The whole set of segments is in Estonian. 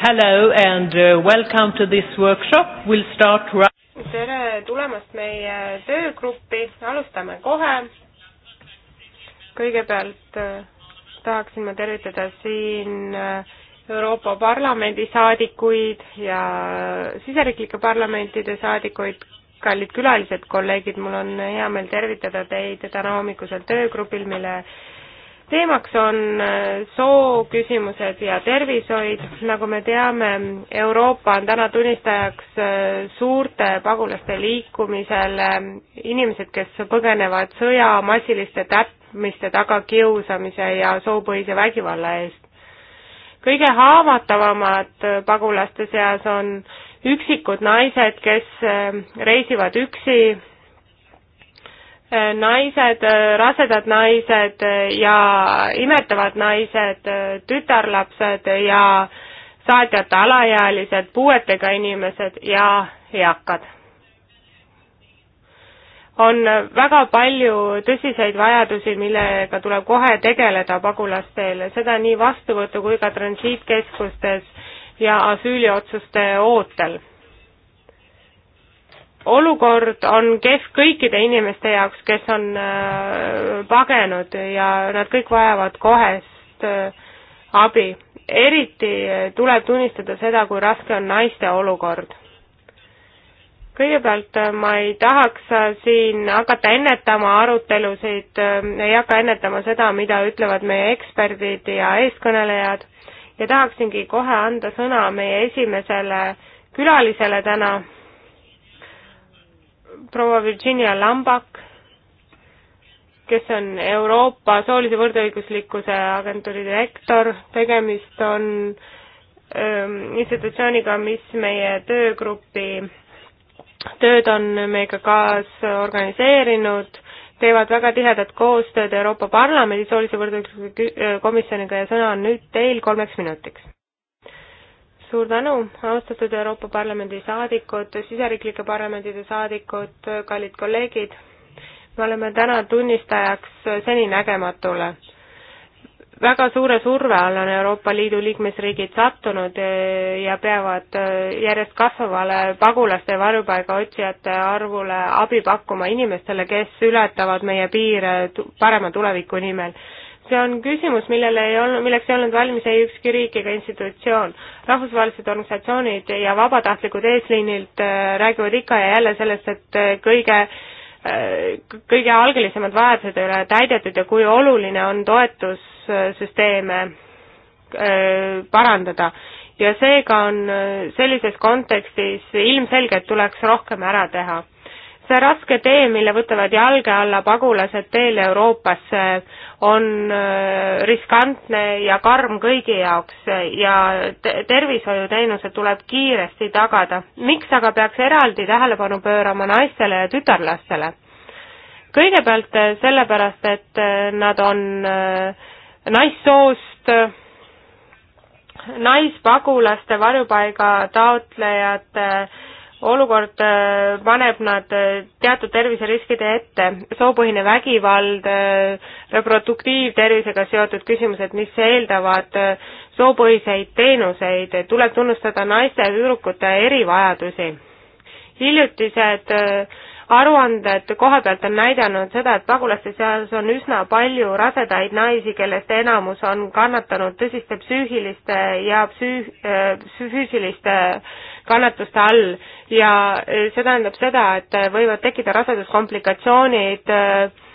Hello and uh, welcome to this workshop. We'll start right tere tulemast meie töögruppi, alustame kohe. kõigepealt äh, tahaksin ma tervitada siin äh, Euroopa Parlamendi saadikuid ja äh, siseriiklike parlamentide saadikuid, kallid külalised, kolleegid, mul on hea meel tervitada teid täna hommikusel töögrupil, mille teemaks on äh, sooküsimused ja tervishoid, nagu me teame, Euroopa on täna tunnistajaks äh, suurte pagulaste liikumisele, inimesed, kes põgenevad sõja, massiliste täpmiste taga kiusamise ja soopõhise vägivalla eest. kõige haavatavamad äh, pagulaste seas on üksikud naised, kes reisivad üksi Äh, naised, äh, rasedad naised äh, ja imetavad naised, tütarlapsed ja saatjate alaealised, puuetega inimesed ja eakad. on väga palju tõsiseid vajadusi, millega tuleb kohe tegeleda pagulastel, seda nii vastuvõtu kui ka transiitkeskustes ja asüüliotsuste ootel olukord on kehv kõikide inimeste jaoks, kes on äh, pagenud ja nad kõik vajavad kohest äh, abi. eriti äh, tuleb tunnistada seda, kui raske on naiste olukord. kõigepealt ma ei tahaks siin hakata ennetama arutelusid, ei hakka ennetama seda, mida ütlevad meie eksperdid ja eeskõnelejad ja tahaksingi kohe anda sõna meie esimesele külalisele täna proua Virginia Lambak, kes on Euroopa soolise võrdõiguslikkuse agentuuri direktor, tegemist on ähm, institutsiooniga, mis meie töögrupi tööd on meiega kaasorganiseerinud, teevad väga tihedat koostööd Euroopa Parlamendi soolise võrdõiguslikkuse äh, komisjoniga ja sõna on nüüd teil kolmeks minutiks suur tänu, austatud Euroopa Parlamendi saadikud, siseriiklike parlamendide saadikud, kallid kolleegid. me oleme täna tunnistajaks seninägematule. väga suure surve all on Euroopa Liidu liikmesriigid sattunud ja peavad järjest kasvavale pagulaste ja varjupaigaotsijate arvule abi pakkuma inimestele, kes ületavad meie piire parema tuleviku nimel see on küsimus, millele ei olnud, milleks ei olnud valmis ei ükski riik ega institutsioon. rahvusvahelised organisatsioonid ja vabatahtlikud eesliinilt äh, räägivad ikka ja jälle sellest, et äh, kõige äh, kõige algelisemad vajadused ei ole täidetud ja kui oluline on toetussüsteeme parandada. ja seega on sellises kontekstis ilmselgelt tuleks rohkem ära teha see raske tee, mille võtavad jalge alla pagulased teel Euroopasse, on äh, riskantne ja karm kõigi jaoks ja tervishoiuteenused tuleb kiiresti tagada. miks aga peaks eraldi tähelepanu pöörama naistele ja tütarlastele? kõigepealt äh, sellepärast, et äh, nad on naissoost, naispagulaste varjupaiga taotlejate äh, olukord äh, paneb nad äh, teatud terviseriskide ette, soopõhine vägivald, äh, reproduktiivtervisega seotud küsimused, mis eeldavad soopõhiseid teenuseid, tuleb tunnustada naiste ja tüdrukute erivajadusi. hiljutised aruanded koha pealt on näidanud seda, et pagulaste seas on üsna palju rasedaid naisi, kellest enamus on kannatanud tõsiste psüühiliste ja psüü-, füüsiliste kannatuste all ja eh, see tähendab seda, et eh, võivad tekkida raseduskomplikatsioonid, eh,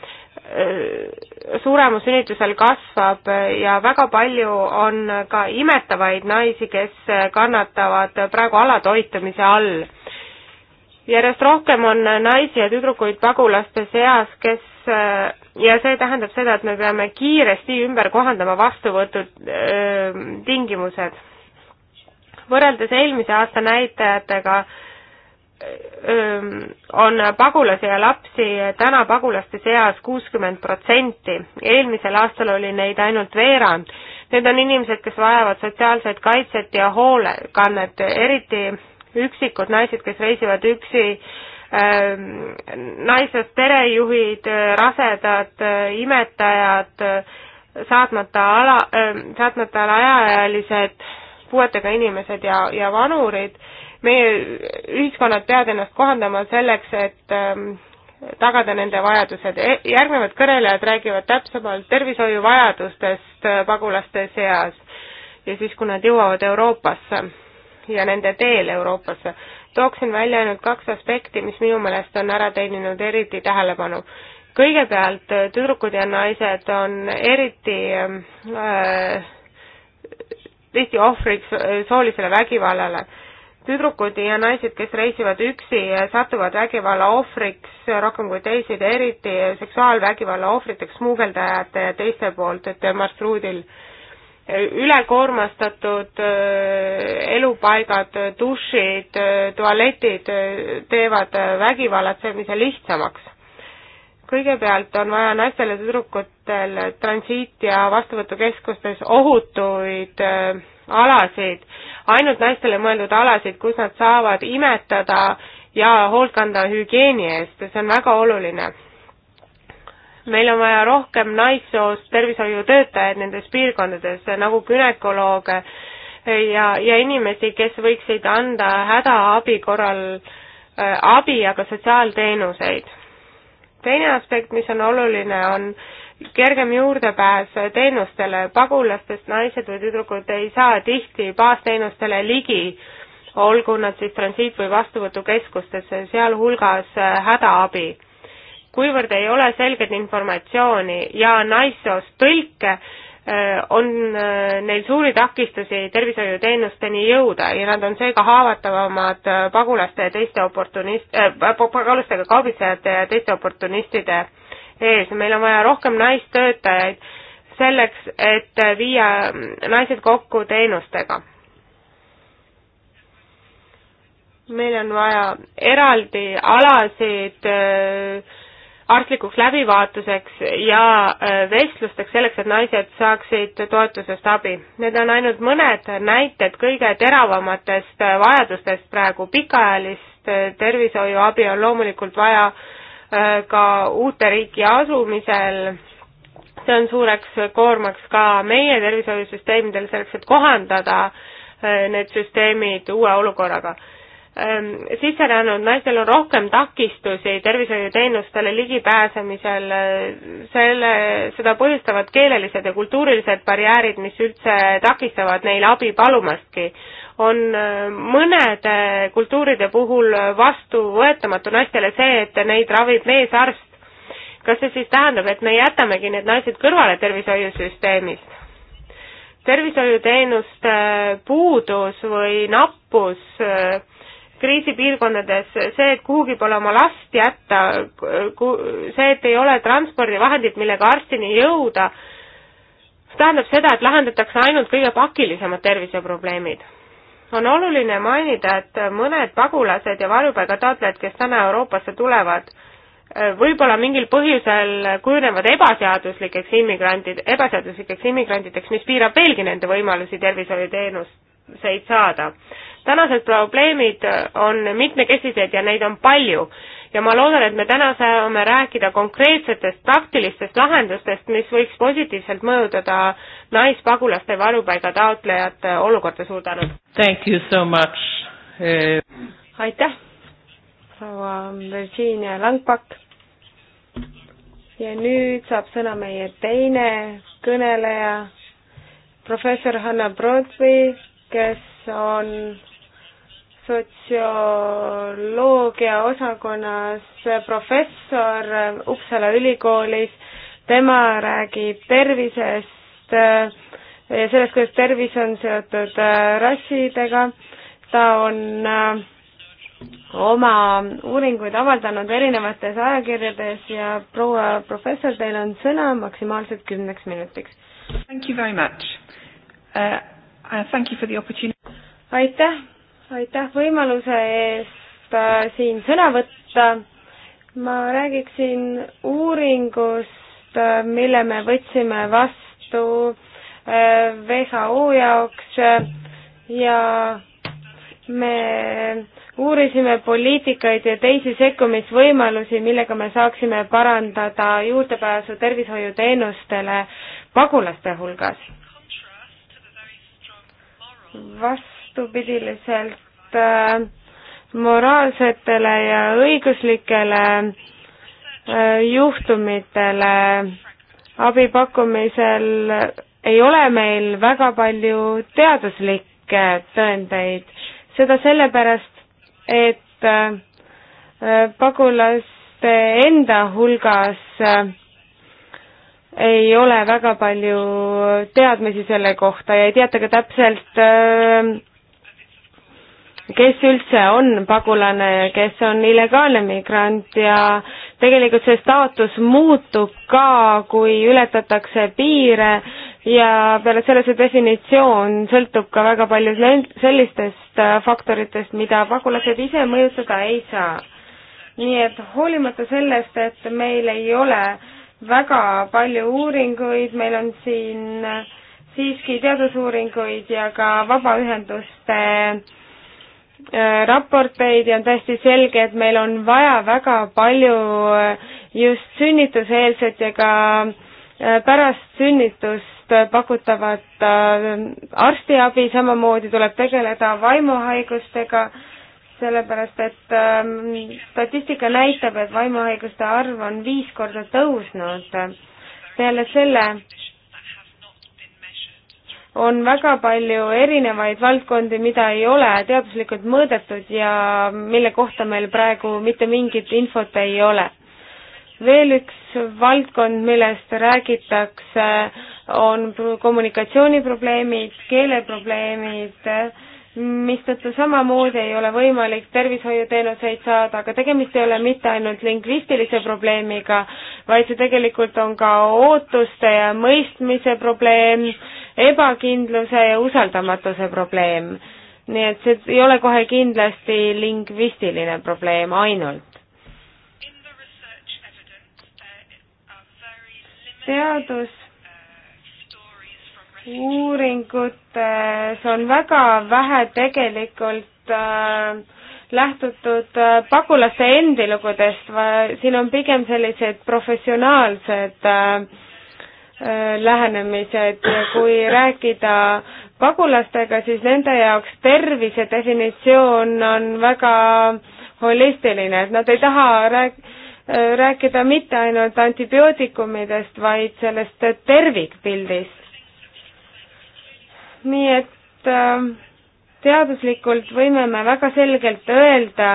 suremus sünnitusel kasvab ja väga palju on ka imetavaid naisi, kes kannatavad praegu alatoitumise all. järjest rohkem on naisi ja tüdrukuid pagulaste seas, kes ja see tähendab seda, et me peame kiiresti ümber kohandama vastuvõtud tingimused võrreldes eelmise aasta näitajatega on pagulasi ja lapsi täna pagulaste seas kuuskümmend protsenti, eelmisel aastal oli neid ainult veerand. Need on inimesed, kes vajavad sotsiaalset kaitset ja hoolekannet, eriti üksikud naised, kes reisivad üksi, naisest perejuhid, rasedad, imetajad, saatmata ala, saatmata alaealised puuetega inimesed ja, ja vanurid. meie ühiskonnad peavad ennast kohandama selleks, et ähm, tagada nende vajadused. E, järgnevad kõnelejad räägivad täpsemalt tervishoiuvajadustest äh, pagulaste seas ja siis, kui nad jõuavad Euroopasse ja nende teel Euroopasse, tooksin välja ainult kaks aspekti, mis minu meelest on ära teeninud eriti tähelepanu kõigepealt tüdrukud ja naised on eriti ähm, äh, tihti ohvriks äh, soolisele vägivallale. tüdrukud ja naised, kes reisivad üksi, äh, satuvad vägivalla ohvriks äh, rohkem kui teised ja eriti seksuaalvägivalla ohvriteks smuugeldajate ja teiste poolt, et marsruudil ülekoormastatud elupaigad, dušid, tualetid teevad vägivallatsemise lihtsamaks kõigepealt on vaja naistel ja tüdrukutel transiit- ja vastuvõtukeskustes ohutuid äh, alasid, ainult naistele mõeldud alasid, kus nad saavad imetada ja hoolt kanda hügieeni eest, see on väga oluline. meil on vaja rohkem naissoost tervishoiutöötajaid nendes piirkondades, nagu günekolooge ja, ja inimesi, kes võiksid anda hädaabi korral äh, abi, aga sotsiaalteenuseid teine aspekt, mis on oluline, on kergem juurdepääs teenustele, pagulastest naised või tüdrukud ei saa tihti baasteenustele ligi, olgu nad siis transiit- või vastuvõtukeskustesse, sealhulgas äh, hädaabi. kuivõrd ei ole selget informatsiooni ja naissoost tõlke, Äh, on äh, neil suuri takistusi tervishoiuteenusteni jõuda ja nad on seega haavatavamad äh, pagulaste ja teiste oportunist- äh,, pagulastega kaubitsejate ja teiste oportunistide ees. meil on vaja rohkem naistöötajaid selleks, et viia mm, naised kokku teenustega. meil on vaja eraldi alasid äh, arstlikuks läbivaatuseks ja äh, vestlusteks selleks, et naised saaksid toetusest abi. Need on ainult mõned näited kõige teravamatest äh, vajadustest praegu. pikaajalist äh, tervishoiuabi on loomulikult vaja ka uute riiki asumisel. see on suureks koormaks ka meie tervishoiusüsteemidel selleks, et kohandada need süsteemid uue olukorraga Ehm, sisserännanud naistel on rohkem takistusi tervishoiuteenustele ligipääsemisel, eh, selle, seda põhjustavad keelelised ja kultuurilised barjäärid, mis üldse takistavad neil abi palumastki. on eh, mõnede kultuuride puhul vastuvõetamatu naistele see, et neid ravib meesarst. kas see siis tähendab, et me jätamegi need naised kõrvale tervishoiusüsteemist? tervishoiuteenuste puudus või nappus äh, kriisipiirkondades see, et kuhugi pole oma last jätta, see, et ei ole transpordivahendit, millega arstini jõuda, tähendab seda, et lahendatakse ainult kõige pakilisemad terviseprobleemid. on oluline mainida, et mõned pagulased ja varjupaigataotlejad, kes täna Euroopasse tulevad, võib-olla mingil põhjusel kujunevad ebaseaduslikeks immigrandid, ebaseaduslikeks immigrantideks, mis piirab veelgi nende võimalusi tervishoiuteenust vastuseid saada. tänased probleemid on mitmekesised ja neid on palju ja ma loodan, et me täna saame rääkida konkreetsetest praktilistest lahendustest, mis võiks positiivselt mõjutada naispagulaste varjupaiga taotlejate olukorda, suur tänu! Thank you so much eh...! aitäh, proua Virginia Langpak! ja nüüd saab sõna meie teine kõneleja, professor Hanna Brodvi kes on sotsioloogia osakonnas professor Uppsala ülikoolis. tema räägib tervisest ja sellest, kuidas tervis on seotud äh, rassidega. ta on äh, oma uuringuid avaldanud erinevates ajakirjades ja proua professor, teil on sõna maksimaalselt kümneks minutiks. Thank you very much uh,. Uh, aitäh, aitäh võimaluse eest uh, siin sõna võtta. ma räägiksin uuringust, uh, mille me võtsime vastu WHO jaoks ja me uurisime poliitikaid ja teisi sekkumisvõimalusi, millega me saaksime parandada juurdepääsu tervishoiuteenustele pagulaste hulgas vastupidiselt äh, moraalsetele ja õiguslikele äh, juhtumitele abi pakkumisel ei ole meil väga palju teaduslikke tõendeid. seda sellepärast, et äh, pagulaste enda hulgas äh, ei ole väga palju teadmisi selle kohta ja ei teata ka täpselt, äh, kes üldse on pagulane ja kes on illegaalne migrant ja tegelikult see staatus muutub ka, kui ületatakse piire ja peale selle see definitsioon sõltub ka väga palju sellistest äh, faktoritest, mida pagulased ise mõjutada ei saa. nii et hoolimata sellest, et meil ei ole äh, väga palju uuringuid, meil on siin siiski teadusuuringuid ja ka vabaühenduste äh, raporteid ja on täiesti selge, et meil on vaja väga palju äh, just sünnituseelset ja ka äh, pärast sünnitust pakutavat arstiabi, samamoodi tuleb tegeleda vaimuhaigustega äh, sellepärast et ähm, statistika näitab, et vaimuhaiguste arv on viis korda tõusnud. peale selle on väga palju erinevaid valdkondi, mida ei ole teaduslikult mõõdetud ja mille kohta meil praegu mitte mingit infot ei ole. veel üks valdkond, millest räägitakse, on kommunikatsiooniprobleemid, keeleprobleemid mistõttu samamoodi ei ole võimalik tervishoiuteenuseid saada, aga tegemist ei ole mitte ainult lingvistilise probleemiga, vaid see tegelikult on ka ootuste ja mõistmise probleem, ebakindluse ja usaldamatuse probleem. nii et see ei ole kohe kindlasti lingvistiline probleem ainult. Uh, uh, teadus uuringutes on väga vähe tegelikult äh, lähtutud äh, pagulaste endi lugudest, siin on pigem sellised professionaalsed äh, äh, lähenemised ja kui rääkida pagulastega, siis nende jaoks tervise definitsioon on väga holistiline, et nad ei taha rääk-, äh, rääkida mitte ainult antibiootikumidest, vaid sellest tervikpildist nii et ähm, teaduslikult võime me väga selgelt öelda,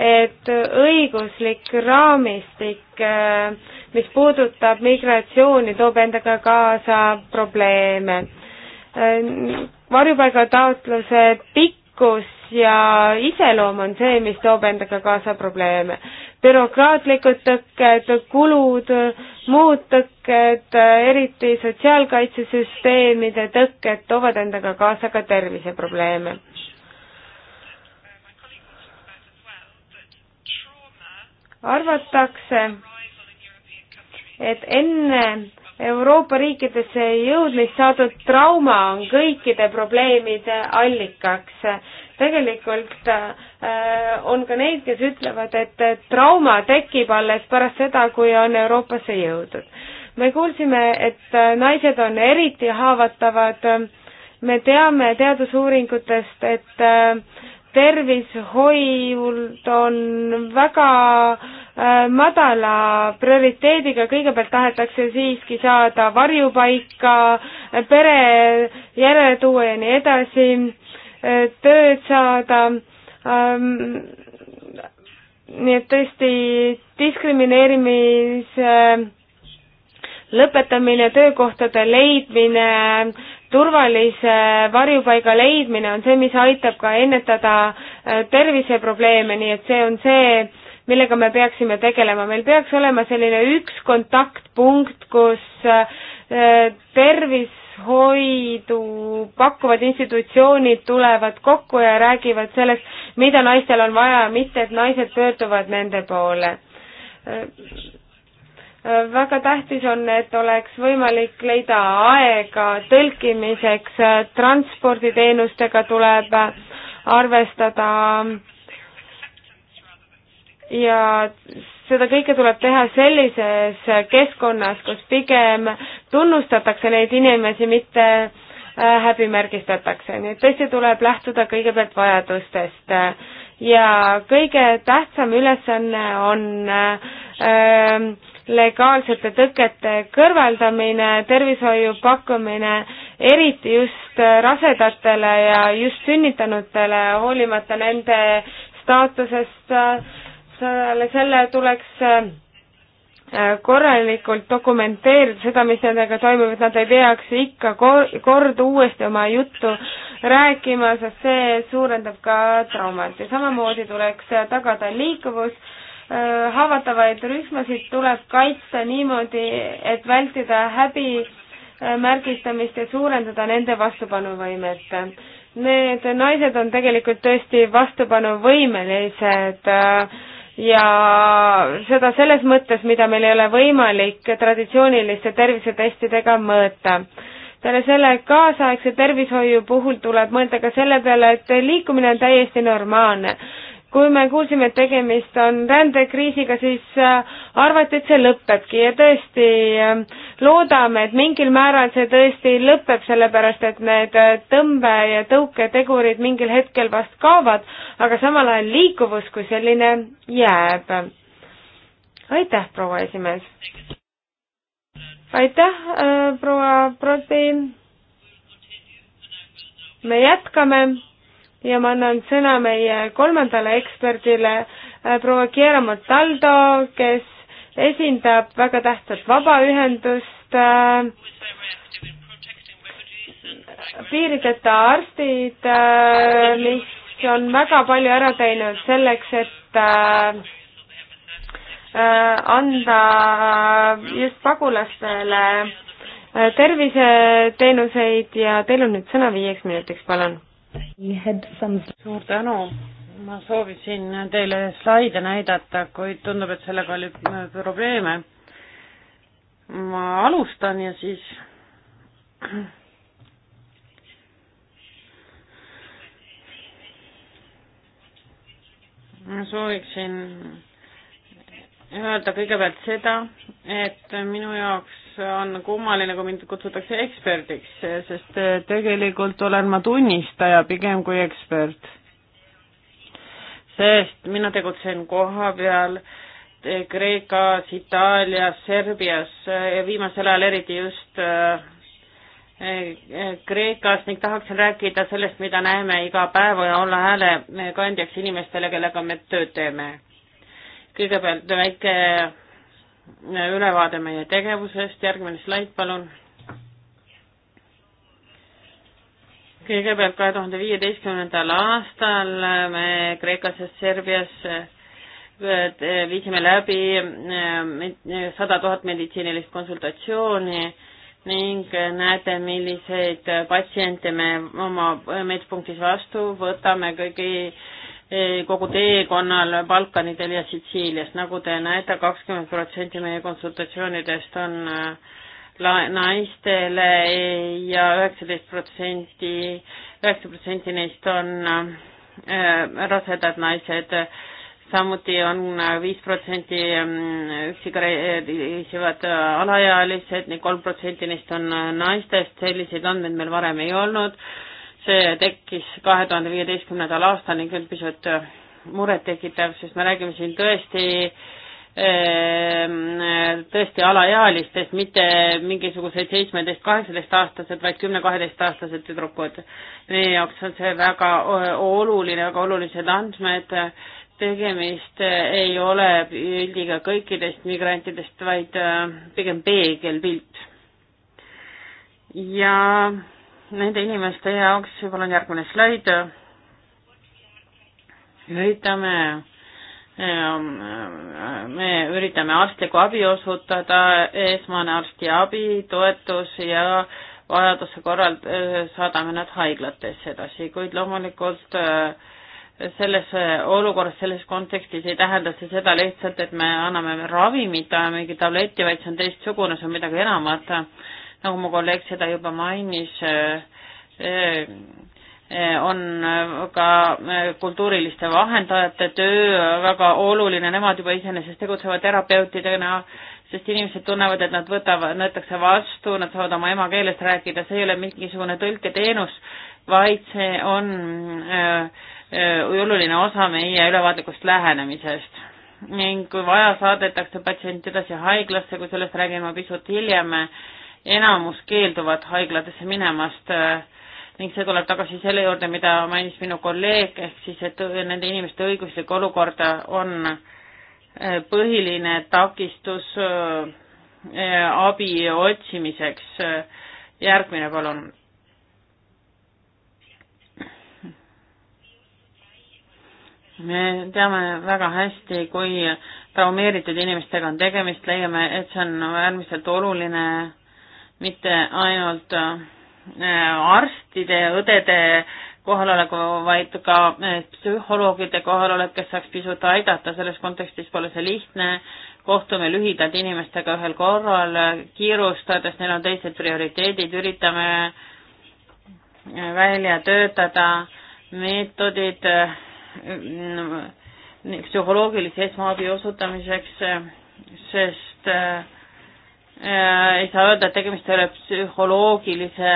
et õiguslik raamistik, äh, mis puudutab migratsiooni, toob endaga kaasa probleeme. Äh, varjupaigataotluse pikkus ja iseloom on see, mis toob endaga kaasa probleeme bürokraatlikud tõkked, kulud, muud tõkked, eriti sotsiaalkaitsesüsteemide tõkked toovad endaga kaasa ka terviseprobleeme. arvatakse, et enne Euroopa riikidesse jõudmist saadud trauma on kõikide probleemide allikaks tegelikult äh, on ka neid, kes ütlevad, et trauma tekib alles pärast seda, kui on Euroopasse jõudnud. me kuulsime, et äh, naised on eriti haavatavad, me teame teadusuuringutest, et äh, tervishoiult on väga madala prioriteediga, kõigepealt tahetakse siiski saada varjupaika, pere järele tuua ja nii edasi tööd saada ähm,. nii et tõesti diskrimineerimise lõpetamine, töökohtade leidmine, turvalise varjupaiga leidmine on see, mis aitab ka ennetada äh, terviseprobleeme, nii et see on see, millega me peaksime tegelema, meil peaks olema selline üks kontaktpunkt, kus äh, tervis tervishoidu pakkuvad institutsioonid tulevad kokku ja räägivad sellest, mida naistel on vaja, mitte et naised pöörduvad nende poole. väga tähtis on, et oleks võimalik leida aega tõlkimiseks, transporditeenustega tuleb arvestada ja seda kõike tuleb teha sellises keskkonnas, kus pigem tunnustatakse neid inimesi, mitte äh, häbimärgistatakse, nii et tõesti tuleb lähtuda kõigepealt vajadustest ja kõige tähtsam ülesanne on äh, legaalsete tõkete kõrvaldamine, tervishoiu pakkumine, eriti just rasedatele ja just sünnitanutele, hoolimata nende staatusest, selle tuleks äh, Äh, korralikult dokumenteerida seda, mis nendega toimub, et nad ei peaks ikka kor-, kord uuesti oma juttu rääkima, sest see suurendab ka traumat ja samamoodi tuleks äh, tagada liikuvus, äh, haavatavaid rühmasid tuleb kaitsta niimoodi, et vältida häbi märgistamist ja suurendada nende vastupanuvõimet. Need naised on tegelikult tõesti vastupanuvõimelised äh, ja seda selles mõttes, mida meil ei ole võimalik traditsiooniliste tervisetestidega mõõta. peale selle kaasaegse tervishoiu puhul tuleb mõelda ka selle peale, et liikumine on täiesti normaalne kui me kuulsime, et tegemist on rändekriisiga, siis äh, arvati, et see lõpebki ja tõesti äh, loodame, et mingil määral see tõesti lõpeb, sellepärast et need äh, tõmbe- ja tõuketegurid mingil hetkel vast kaovad, aga samal ajal liikuvus kui selline jääb. aitäh, proua esimees! aitäh, proua Prodi! me jätkame ja ma annan sõna meie kolmandale eksperdile, äh, proua Kiera Montaldo, kes esindab väga tähtsat vabaühendust äh, piirideta arstid, äh, mis on väga palju ära teinud selleks, et äh, anda just pagulastele terviseteenuseid ja teil on nüüd sõna viieks minutiks, palun Some... suur tänu, ma soovisin teile slaide näidata, kuid tundub, et sellega oli äh, probleeme. ma alustan ja siis ma sooviksin öelda kõigepealt seda, et minu jaoks on kummaline, kui mind kutsutakse eksperdiks, sest äh, tegelikult olen ma tunnistaja pigem kui ekspert. sest mina tegutsen koha peal Kreekas, Itaalias, Serbias äh, ja viimasel ajal eriti just äh, Kreekas ning tahaksin rääkida sellest, mida näeme iga päev ja olla häälekandjaks inimestele, kellega me tööd teeme. kõigepealt väike ülevaade meie tegevusest, järgmine slaid palun. kõigepealt kahe tuhande viieteistkümnendal aastal me Kreekas ja Serbias eh, viisime läbi eh, sada tuhat meditsiinilist konsultatsiooni ning näete, milliseid patsiente me oma medpunktis vastu võtame, kõigi Eh, kogu teekonnal Balkanidel ja Sitsiilias. nagu te näete, kakskümmend protsenti meie konsultatsioonidest on eh, naistele ja üheksateist protsenti, üheksa protsenti neist on eh, rasedad naised, samuti on viis protsenti mm, üksiga reisivad alaealised ning kolm protsenti neist on naistest, selliseid andmeid meil varem ei olnud see tekkis kahe tuhande viieteistkümnendal aastal ning on pisut murettekitav, sest me räägime siin tõesti ehm, tõesti alaealistest, mitte mingisugused seitsmeteist, kaheksateist aastased, vaid kümne-kaheteistaastased tüdrukud. meie jaoks on see väga oluline, väga olulised andmed, tegemist ei ole pildiga kõikidest migrantidest, vaid pigem peegelpilt. ja nende inimeste jaoks, võib-olla on järgmine slaid, üritame, ähm, äh, me üritame arstlikku abi osutada, esmane arstiabi, toetus ja vajaduse korral äh, saadame nad haiglatesse edasi, kuid loomulikult äh, selles olukorras, selles kontekstis ei tähenda see seda lihtsalt, et me anname ravimit, mingit tabletti, vaid see on teistsugune, see on midagi enamat nagu mu kolleeg seda juba mainis, eh, eh, on ka eh, kultuuriliste vahendajate töö väga oluline, nemad juba iseenesest tegutsevad terapeutidena, sest inimesed tunnevad, et nad võtavad, võetakse vastu, nad saavad oma emakeeles rääkida, see ei ole mingisugune tõlketeenus, vaid see on öö, öö, oluline osa meie ülevaatlikust lähenemisest. ning kui vaja, saadetakse patsient edasi haiglasse, kui sellest räägin ma pisut hiljem enamus keelduvad haiglatesse minemast äh, ning see tuleb tagasi selle juurde, mida mainis minu kolleeg, ehk siis, et nende inimeste õiguslik olukord on äh, põhiline takistus äh, abi otsimiseks. järgmine, palun. me teame väga hästi, kui traumeeritud inimestega on tegemist, leiame, et see on äärmiselt oluline mitte ainult äh, arstide ja õdede kohaloleku, vaid ka äh, psühholoogide kohalolek, kes saaks pisut aidata, selles kontekstis pole see lihtne, kohtume lühidalt inimestega ühel korral, kiirustades, neil on teised prioriteedid, üritame äh, välja töötada meetodid psühholoogilise esmaabi osutamiseks, sest äh, Äh, ei saa öelda, et tegemist ei ole psühholoogilise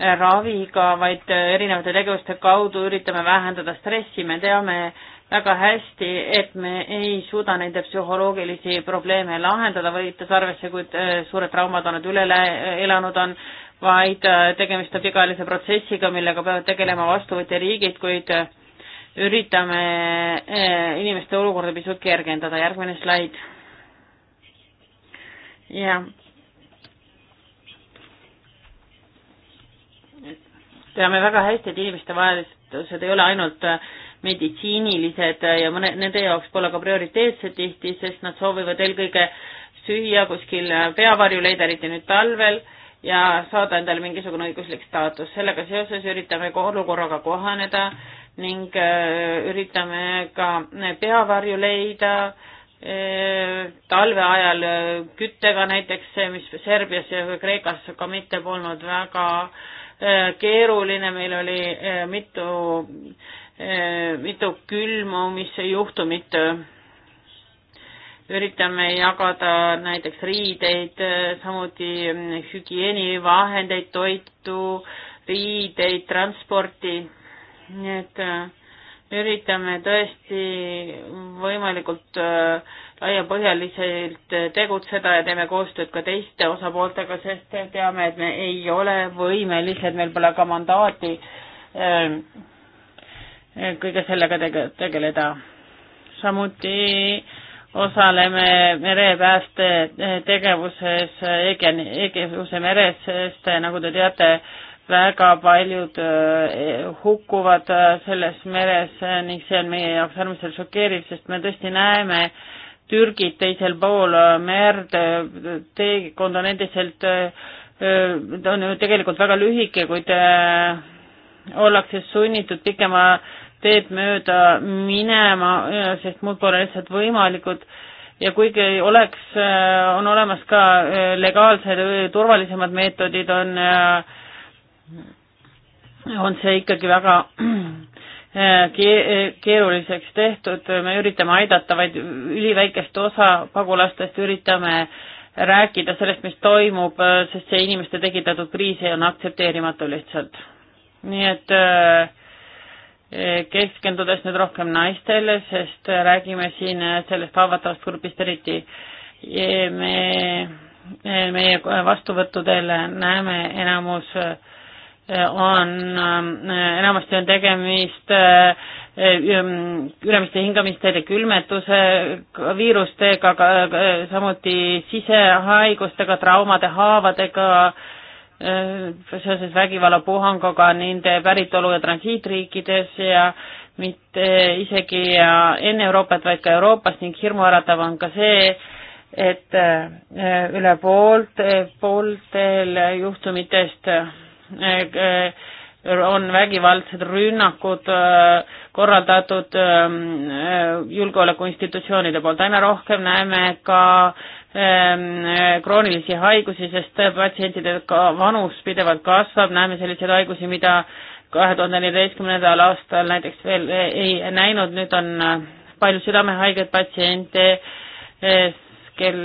äh, raviga, vaid äh, erinevate tegevuste kaudu üritame vähendada stressi, me teame väga hästi, et me ei suuda nende psühholoogilisi probleeme lahendada, võttes arvesse, kui suured traumad on nad üle elanud on, vaid tegemist on pikaajalise protsessiga, millega peavad tegelema vastuvõtjariigid, kuid üritame inimeste olukorda pisut kergendada, järgmine slaid ja teame väga hästi, et inimeste vajadused ei ole ainult äh, meditsiinilised ja mõne, nende jaoks pole ka prioriteetsed tihti, sest nad soovivad eelkõige süüa kuskil äh, peavarju leida, eriti nüüd talvel, ja saada endale mingisugune õiguslik staatus. sellega seoses üritame olukorraga kohaneda ning äh, üritame ka peavarju leida äh, talve ajal äh, küttega näiteks, mis Serbias ja Kreekas ka mitte polnud väga äh, keeruline, meil oli äh, mitu, mitu külmumise juhtumit. üritame jagada näiteks riideid, samuti mm, hügieenivahendeid, toitu, riideid, transporti, nii et üritame tõesti võimalikult äh, laiapõhjaliselt äh, tegutseda ja teeme koostööd ka teiste osapooltega, sest teame, et me ei ole võimelised, meil pole ka mandaati äh, kõige sellega tege-, tegeleda. samuti osaleme merepääste tegevuses Ege-, Egeuse meres, sest nagu te teate, väga paljud äh, hukkuvad äh, selles meres äh, ning see on meie jaoks äärmiselt šokeeriv, sest me tõesti näeme Türgit teisel pool merd, teekond on endiselt, ta on ju tegelikult väga lühike, kuid ollakse sunnitud pikema teed mööda minema, sest muud pole lihtsalt võimalikud ja kuigi oleks, on olemas ka legaalsed, turvalisemad meetodid, on äh, on see ikkagi väga keeruliseks tehtud, me üritame aidata vaid üliväikest osa pagulastest, üritame rääkida sellest, mis toimub, sest see inimeste tekitatud kriis on aktsepteerimatu lihtsalt. nii et eh, keskendudes nüüd rohkem naistele, sest räägime siin sellest haavatavast grupist eriti, eh, me eh, meie vastuvõttudel näeme enamus äh, on, ähm, enamasti on tegemist äh, ähm, ülemiste hingamisteede külmetuse viirustega, samuti sisehaigustega, traumade, haavadega, äh, seoses vägivallapuhanguga nende päritolu- ja transiitriikides ja mitte isegi enne Euroopat, vaid ka Euroopas ning hirmuäratav on ka see, et äh, üle poolt, pooltel juhtumitest Eh, on vägivaldsed rünnakud eh, korraldatud eh, julgeolekuinstitutsioonide poolt, aina rohkem näeme ka kroonilisi haigusi, sest patsientide vanus pidevalt kasvab, näeme selliseid haigusi, mida kahe tuhande neljateistkümnendal aastal näiteks veel ei näinud, nüüd on palju südamehaigeid patsiente, kel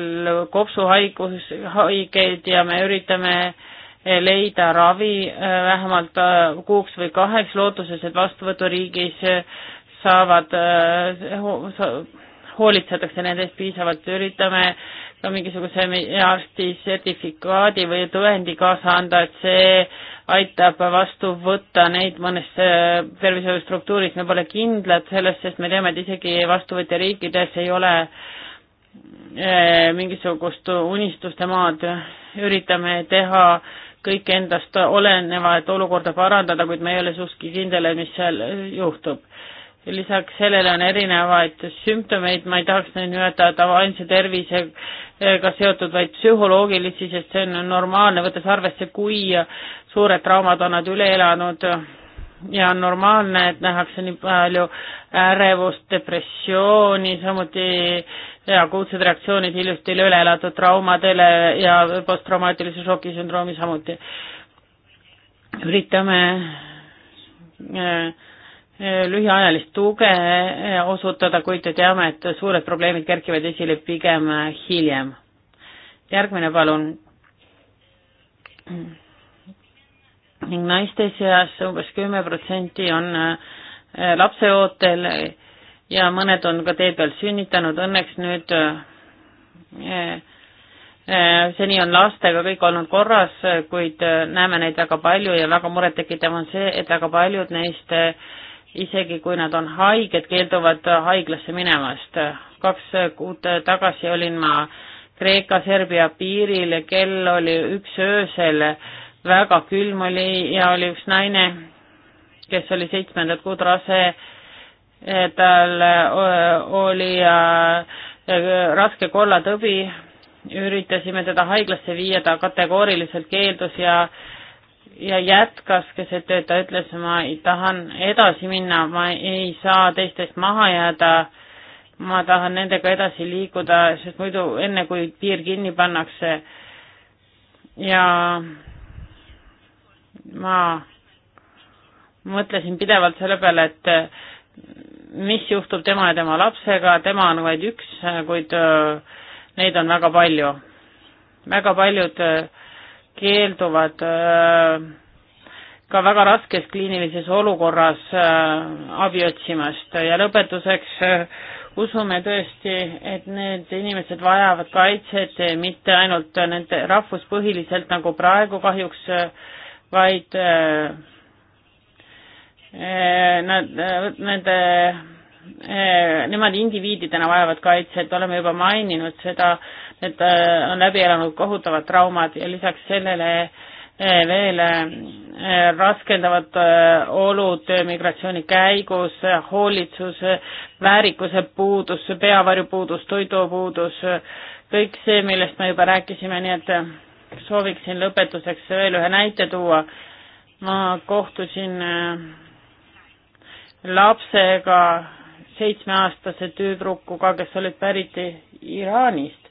kopsuhaigus, haigeid ja me üritame äh, leida ravi äh, vähemalt äh, kuuks või kaheks, lootuses, et vastuvõturiigis äh, saavad hoolitsetakse nende eest piisavalt, üritame ka mingisuguse arsti sertifikaadi või tõendi kaasa anda, et see aitab vastu võtta neid mõnes tervishoiustruktuuris, me pole kindlad selles, sest me teame, et isegi vastuvõtja riikides ei ole mingisugust unistuste maad, üritame teha kõik endast olenevat olukorda parandada, kuid me ei ole sugugi kindel, mis seal äh, juhtub. lisaks sellele on erinevaid sümptomeid, ma ei tahaks neid nimetada vaimse tervisega seotud, vaid psühholoogilisi, sest see on normaalne, võttes arvesse, kui suured traumad on nad üle elanud ja on normaalne, et nähakse nii palju ärevust, depressiooni, samuti äh, ja akuutsed reaktsioonid hiljuti üle elatud traumadele ja posttraumaatilise šoki sündroomi samuti. üritame äh, äh, lühiajalist tuge äh, osutada, kuid teame, et suured probleemid kerkivad esile pigem hiljem. järgmine palun ning naiste seas umbes kümme protsenti on lapseootel ja mõned on ka tee peal sünnitanud, õnneks nüüd äh, äh, seni on lastega kõik olnud korras, kuid äh, näeme neid väga palju ja väga murettekitav on see, et väga paljud neist, isegi kui nad on haiged, keelduvad haiglasse minemast. kaks kuud tagasi olin ma Kreeka-Serbia piiril, kell oli üks öösel, väga külm oli ja oli üks naine, kes oli seitsmendat kuud rase tal oli raske kollatõbi, üritasime teda haiglasse viia, ta kategooriliselt keeldus ja ja jätkas, kes see töötaja ütles, ma ei, tahan edasi minna, ma ei saa teistest maha jääda, ma tahan nendega edasi liikuda, sest muidu enne, kui piir kinni pannakse ja ma mõtlesin pidevalt selle peale, et mis juhtub tema ja tema lapsega, tema on vaid üks, kuid äh, neid on väga palju. väga paljud äh, keelduvad äh, ka väga raskes kliinilises olukorras abi otsimast ja lõpetuseks usume tõesti, et need inimesed vajavad kaitset mitte ainult nende rahvuspõhiliselt nagu praegu kahjuks, vaid äh, Eh, nad, eh, nende, eh, nemad indiviididena vajavad kaitset, oleme juba maininud seda, et on läbi elanud kohutavad traumad ja lisaks sellele veel raskendavad olud migratsiooni käigus, hoolitsus, väärikuse puudus, peavarjupuudus, toidupuudus, kõik see, millest me juba rääkisime, nii et sooviksin lõpetuseks veel ühe näite tuua. ma kohtusin lapsega, seitsmeaastase tüdrukuga, kes olid pärit Iraanist,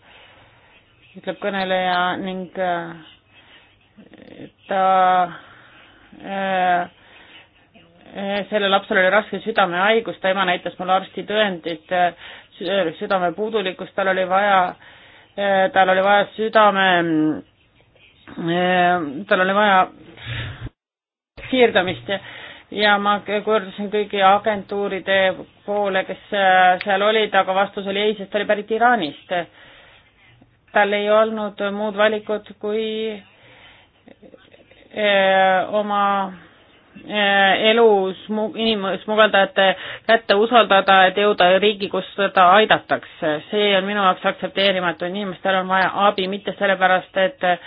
ütleb kõneleja ning äh, ta äh, äh, sellel lapsel oli raske südamehaigus, ta ema näitas mulle arstitõendit südame puudulikkust, tal oli vaja, tal oli vaja südame, tal oli vaja siirdamist ja ja ma kordasin kõigi agentuuride poole, kes äh, seal olid, aga vastus oli ei, sest ta oli pärit Iraanist. tal ei olnud muud valikut, kui äh, oma äh, elu smu-, inimsmugeldajate kätte usaldada, et jõuda riigi, kus teda aidatakse. see on minu jaoks aktsepteerimatu, inimestel on vaja abi, mitte sellepärast, et äh,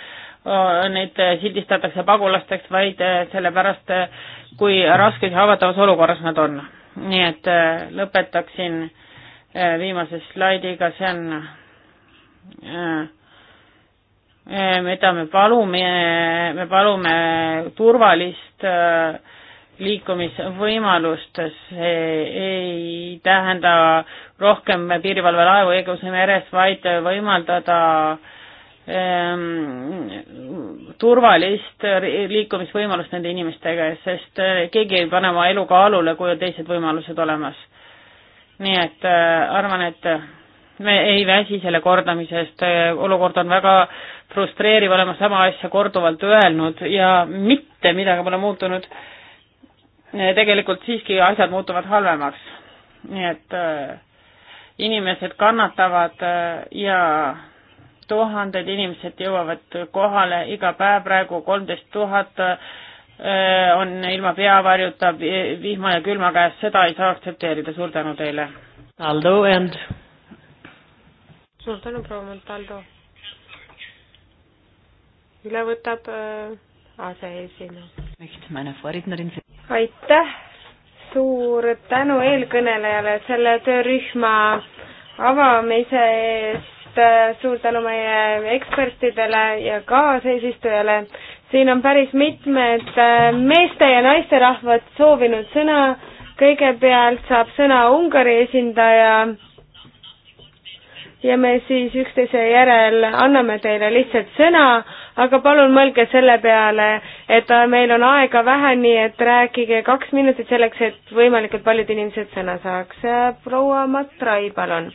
Äh, neid sildistatakse pagulasteks vaid äh, sellepärast, äh, kui raskes ja haavatavas olukorras nad on. nii et lõpetaksin viimase slaidiga, see on mida me palume, me palume turvalist liikumisvõimalust, see ei tähenda rohkem piirivalvelaevu Egeuse meres, vaid võimaldada äh, Ehm, turvalist liikumisvõimalust nende inimestega, sest eh, keegi ei pane oma elu kaalule, kui on teised võimalused olemas. nii et eh, arvan, et me ei väsi selle kordamisest, eh, olukord on väga frustreeriv, oleme sama asja korduvalt öelnud ja mitte midagi pole muutunud. tegelikult siiski asjad muutuvad halvemaks, nii et inimesed kannatavad ja tuhanded inimesed jõuavad kohale iga päev, praegu kolmteist tuhat äh, on ilma peavarjuta vihma ja külma käes, seda ei saa aktsepteerida, suur tänu teile. Aldo and. suur tänu, proua Montaldo. üle võtab äh, aseesimees. aitäh, suur tänu eelkõnelejale selle töörühma avamise eest Äh, suur tänu meie ekspertidele ja kaaseesistujale. siin on päris mitmed äh, meeste ja naisterahvad soovinud sõna. kõigepealt saab sõna Ungari esindaja. ja me siis üksteise järel anname teile lihtsalt sõna, aga palun mõelge selle peale, et meil on aega vähe, nii et rääkige kaks minutit selleks, et võimalikult paljud inimesed sõna saaks. proua Matrai, palun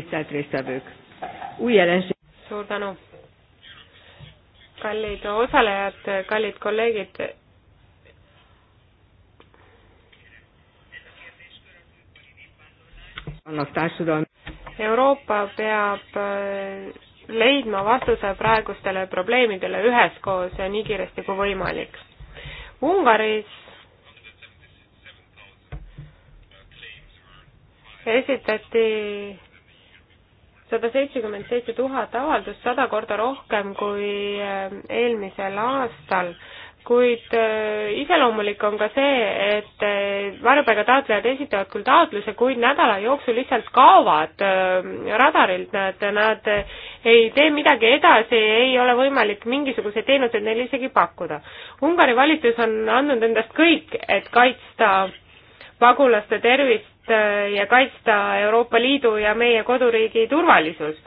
tisztelt résztvevők! Új jelenség... Suur tänu! Kallid osalejad, kallid kolleegid! Annak társadalmi... Euroopa peab äh, leidma vastuse praegustele probleemidele üheskoos ja nii kiiresti kui võimalik. Ungaris esitati sada seitsekümmend seitse tuhat avaldust, sada korda rohkem kui äh, eelmisel aastal, kuid äh, iseloomulik on ka see, et äh, varjupaiga taotlejad esitavad küll taotluse, kuid nädala jooksul lihtsalt kaovad radarilt, nad, nad ei tee midagi edasi, ei ole võimalik mingisuguseid teenuseid neile isegi pakkuda. Ungari valitsus on andnud endast kõik, et kaitsta pagulaste tervist äh, ja kaitsta Euroopa Liidu ja meie koduriigi turvalisust.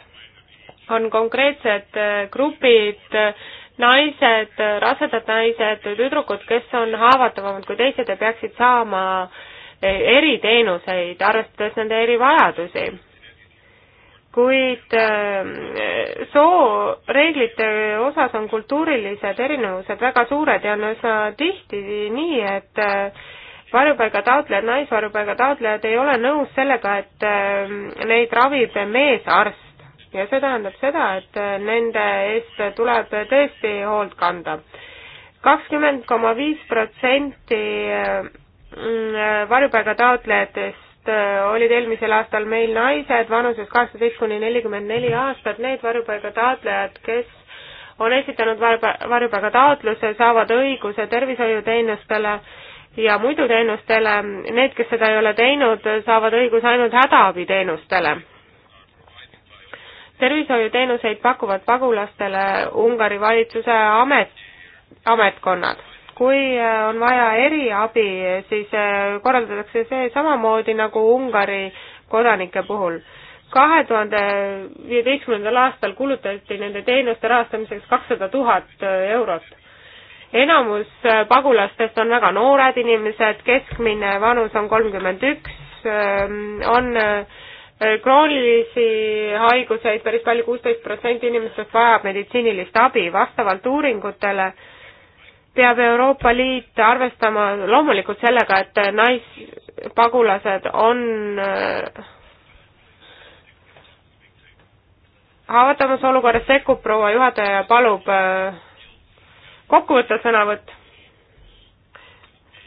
on konkreetsed äh, grupid, äh, naised, rasedad naised, tüdrukud, kes on haavatavamad kui teised ja peaksid saama eriteenuseid, arvestades nende erivajadusi kuid sooreeglite osas on kultuurilised erinevused väga suured ja on üsna tihti nii, et varjupaiga taotlejad, naisvarjupaiga taotlejad ei ole nõus sellega, et ähm, neid ravib meesarst ja see tähendab seda, et äh, nende eest tuleb tõesti hoolt kanda. kakskümmend koma viis protsenti äh, mm, varjupaiga taotlejatest äh, olid eelmisel aastal meil naised vanuses kaheksateist kuni nelikümmend neli aastat, need varjupaiga taotlejad, kes on esitanud varjupaiga taotluse, saavad õiguse tervishoiuteenustele ja muiduteenustele, need, kes seda ei ole teinud, saavad õiguse ainult hädaabiteenustele. tervishoiuteenuseid pakuvad pagulastele Ungari valitsuse amet, ametkonnad. kui äh, on vaja eriabi, siis äh, korraldatakse see samamoodi nagu Ungari kodanike puhul kahe tuhande viieteistkümnendal aastal kulutati nende teenuste rahastamiseks kakssada tuhat äh, eurot enamus äh, pagulastest on väga noored inimesed, keskmine vanus on kolmkümmend üks, ähm, on äh, kroonilisi haiguseid päris palju, kuusteist protsenti inimestest vajab meditsiinilist abi, vastavalt uuringutele peab Euroopa Liit arvestama loomulikult sellega, et naispagulased on äh, haavatavas olukorras sekkub proua juhataja ja palub äh, kokkuvõttev sõnavõtt.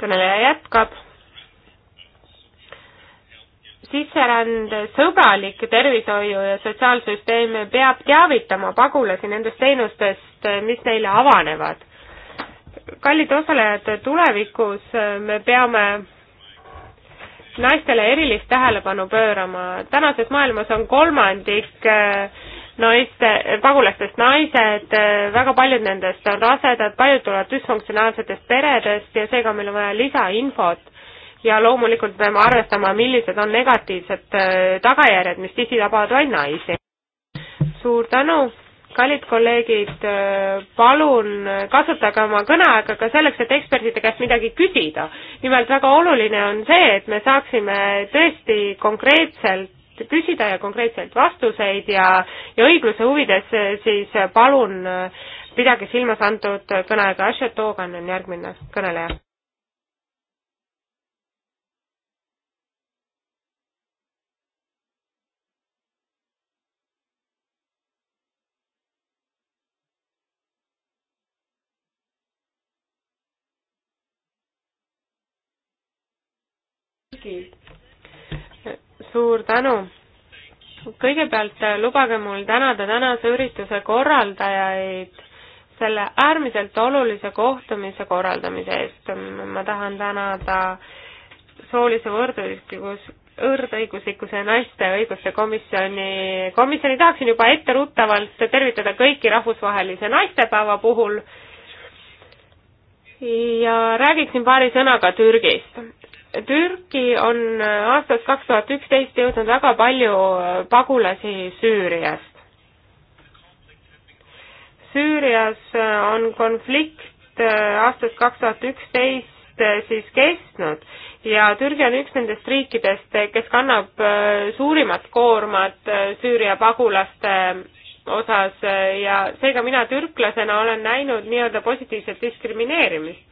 kõneleja jätkab. sisserände sõbralik tervishoiu ja sotsiaalsüsteem peab teavitama pagulasi nendest teenustest, mis neile avanevad. kallid osalejad, tulevikus me peame naistele erilist tähelepanu pöörama. tänases maailmas on kolmandik äh, naiste, pagulastest naised, väga paljud nendest on rasedad, paljud tulevad düsfunktsionaalsetest peredest ja seega meil on vaja lisainfot ja loomulikult peame arvestama, millised on negatiivsed äh, tagajärjed, mis tihti tabavad vaid naisi. suur tänu, kallid kolleegid, äh, palun kasutage oma kõneaega ka selleks, et ekspertide käest midagi küsida. nimelt väga oluline on see, et me saaksime tõesti konkreetselt teilt küsida ja konkreetselt vastuseid ja, ja õigluse huvides eh, siis eh, palun eh, pidage silmas antud kõneaega, Asher Toogan on järgmine kõneleja. Thank you suur tänu! kõigepealt lubage mul tänada tänase ürituse korraldajaid selle äärmiselt olulise kohtumise korraldamise eest. ma tahan tänada soolise võrdõiguslikkus, võrdõiguslikkuse ja naiste õiguste komisjoni, komisjoni tahaksin juba etteruttavalt tervitada kõiki rahvusvahelise naistepäeva puhul ja räägiksin paari sõnaga Türgist Türki on äh, aastast kaks tuhat üksteist jõudnud väga palju äh, pagulasi Süüriast. Süürias äh, on konflikt aastast kaks tuhat üksteist siis kestnud ja Türgi on üks nendest riikidest, kes kannab suurimat koormat Süüria pagulaste osas ja seega mina türklasena olen näinud nii-öelda positiivset diskrimineerimist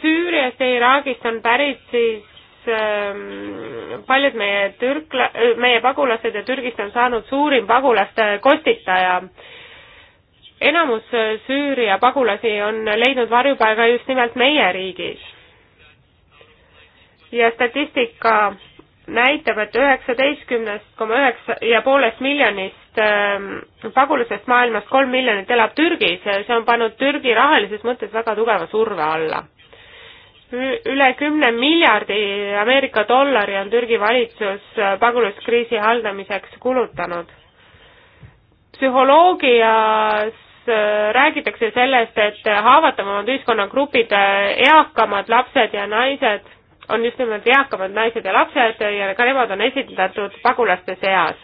Süüriast ja Iraagist on pärit siis ähm, paljud meie türkla-, äh, meie pagulased ja Türgist on saanud suurim pagulaste kostitaja. enamus äh, Süüria pagulasi on leidnud varjupaiga just nimelt meie riigis. ja statistika näitab, et üheksateistkümnest koma üheksa ja poolest miljonist ähm, pagulasest maailmast kolm miljonit elab Türgis, see on pannud Türgi rahalises mõttes väga tugeva surve alla üle kümne miljardi Ameerika dollari on Türgi valitsus äh, pagulaskriisi haldamiseks kulutanud. psühholoogias äh, räägitakse sellest, et haavatavamad ühiskonnagrupid, äh, eakamad lapsed ja naised, on just nimelt eakamad naised ja lapsed ja ka nemad on esindatud pagulaste seas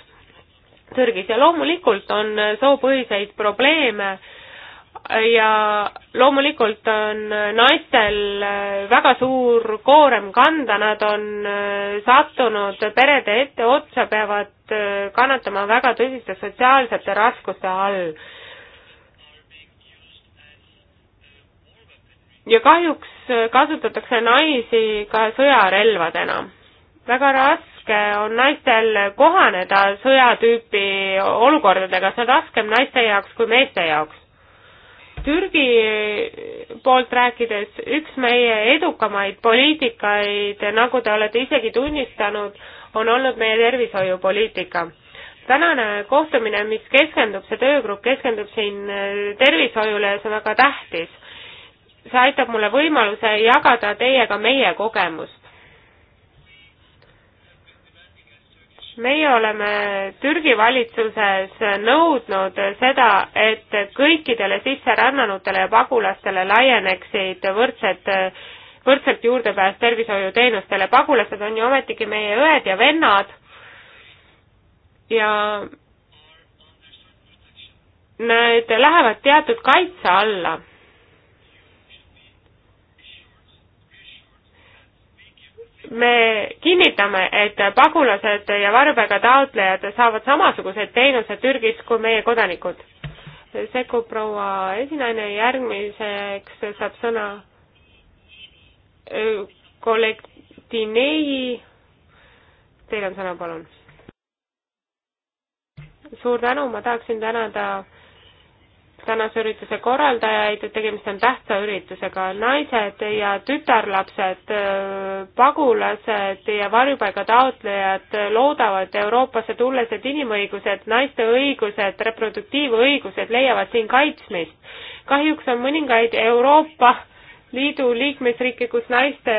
Türgis ja loomulikult on soopõhiseid probleeme äh, ja loomulikult on naistel väga suur koorem kanda, nad on äh, sattunud perede etteotsa, peavad äh, kannatama väga tõsiste sotsiaalsete raskuste all. ja kahjuks äh, kasutatakse naisi ka sõjarelvadena. väga raske on naistel kohaneda sõjatüüpi olukordadega, see on raskem naiste jaoks kui meeste jaoks Türgi poolt rääkides, üks meie edukamaid poliitikaid, nagu te olete isegi tunnistanud, on olnud meie tervishoiupoliitika. tänane kohtumine, mis keskendub, see töögrupp keskendub siin äh, tervishoiule ja see on väga tähtis. see aitab mulle võimaluse jagada teiega meie kogemust meie oleme Türgi valitsuses nõudnud seda, et kõikidele sisserännanutele ja pagulastele laieneksid võrdsed, võrdselt juurdepääs tervishoiuteenustele. pagulased on ju ometigi meie õed ja vennad ja need lähevad teatud kaitse alla me kinnitame, et pagulased ja varjupaiga taotlejad saavad samasugused teenused Türgis kui meie kodanikud. sekkub proua esinaine, järgmiseks saab sõna äh, kolleeg Dinei. Teil on sõna, palun. suur tänu, ma tahaksin tänada tänase ürituse korraldajaid, et tegemist on tähtsa üritusega. naised ja tütarlapsed, pagulased ja varjupaigataotlejad loodavad Euroopasse tulles, et inimõigused, naiste õigused, reproduktiivõigused leiavad siin kaitsmist. kahjuks on mõningaid Euroopa Liidu liikmesriike, kus naiste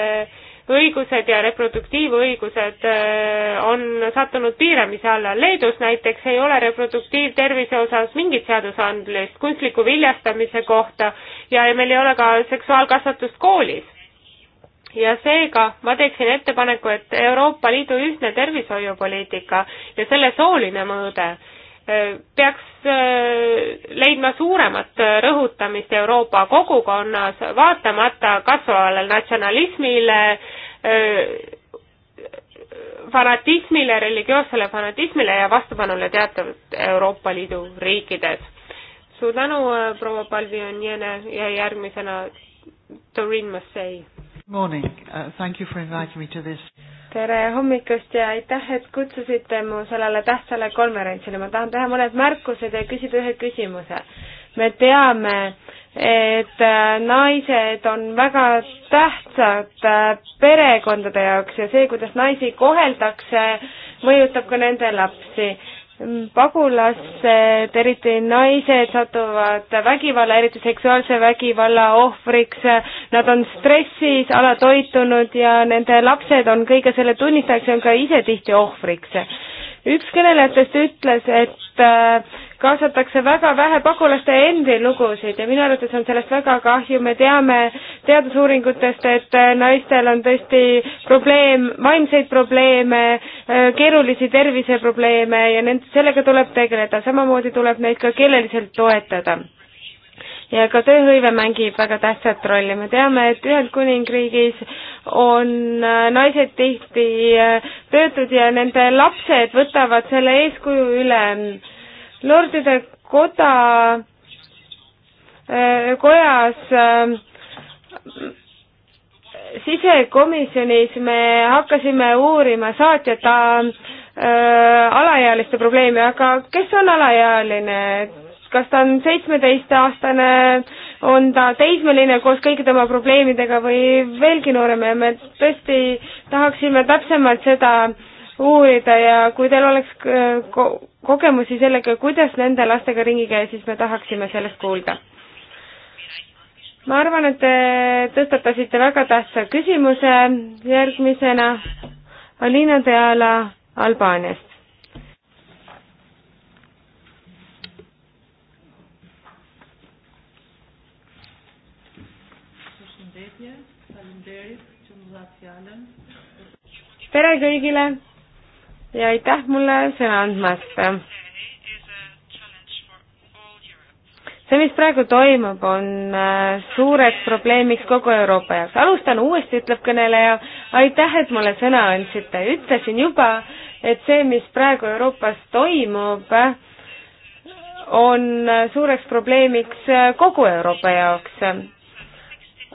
õigused ja reproduktiivõigused äh, on sattunud piiramise alla. Leedus näiteks ei ole reproduktiivtervise osas mingit seadusandlist kunstliku viljastamise kohta ja meil ei ole ka seksuaalkasvatust koolis. ja seega ma teeksin ettepaneku, et Euroopa Liidu ühtne tervishoiupoliitika ja selle sooline mõõde peaks äh, leidma suuremat rõhutamist Euroopa kogukonnas, vaatamata kasvavale natsionalismile, äh, fanatismile, religioossele fanatismile ja vastupanule teatavad Euroopa Liidu riikides. suur tänu, äh, proua Palvion-Jene ja järgmisena Doreen Massey. Morning uh,, thank you for inviting me to this tere hommikust ja aitäh, et kutsusite mu sellele tähtsale konverentsile. ma tahan teha mõned märkused ja küsida ühe küsimuse. me teame, et äh, naised on väga tähtsad äh, perekondade jaoks ja see, kuidas naisi koheldakse, mõjutab ka nende lapsi pagulasse, eriti naised satuvad vägivalla, eriti seksuaalse vägivalla ohvriks, nad on stressis, alatoitunud ja nende lapsed on kõige selle tunnistajaks ja on ka ise tihti ohvriks üks kõnelejatest ütles, et äh, kaasatakse väga vähe pagulaste endi lugusid ja minu arvates on sellest väga kahju, me teame teadusuuringutest, et äh, naistel on tõesti probleem, vaimseid probleeme, äh, keerulisi terviseprobleeme ja nend-, sellega tuleb tegeleda, samamoodi tuleb neid ka keeleliselt toetada ja ka tööhõive mängib väga tähtsat rolli. me teame, et Ühendkuningriigis on äh, naised tihti äh, töötud ja nende lapsed võtavad selle eeskuju üle. lordide koda, äh, kojas sisekomisjonis me hakkasime uurima saatjata äh, alaealiste probleemi, aga kes on alaealine, et kas ta on seitsmeteistaastane, on ta teismeline koos kõigi tema probleemidega või veelgi noorem ja me tõesti tahaksime täpsemalt seda uurida ja kui teil oleks äh, ko kogemusi sellega, kuidas nende lastega ringi käia, siis me tahaksime sellest kuulda. ma arvan, et te tõstatasite väga tähtsa küsimuse järgmisena Alina Teala Albaaniast. tere kõigile ja aitäh mulle sõna andmast. see, mis praegu toimub, on äh, suureks probleemiks kogu Euroopa jaoks. alustan uuesti, ütleb kõneleja, aitäh, et mulle sõna andsite. ütlesin juba, et see, mis praegu Euroopas toimub, on äh, suureks probleemiks äh, kogu Euroopa jaoks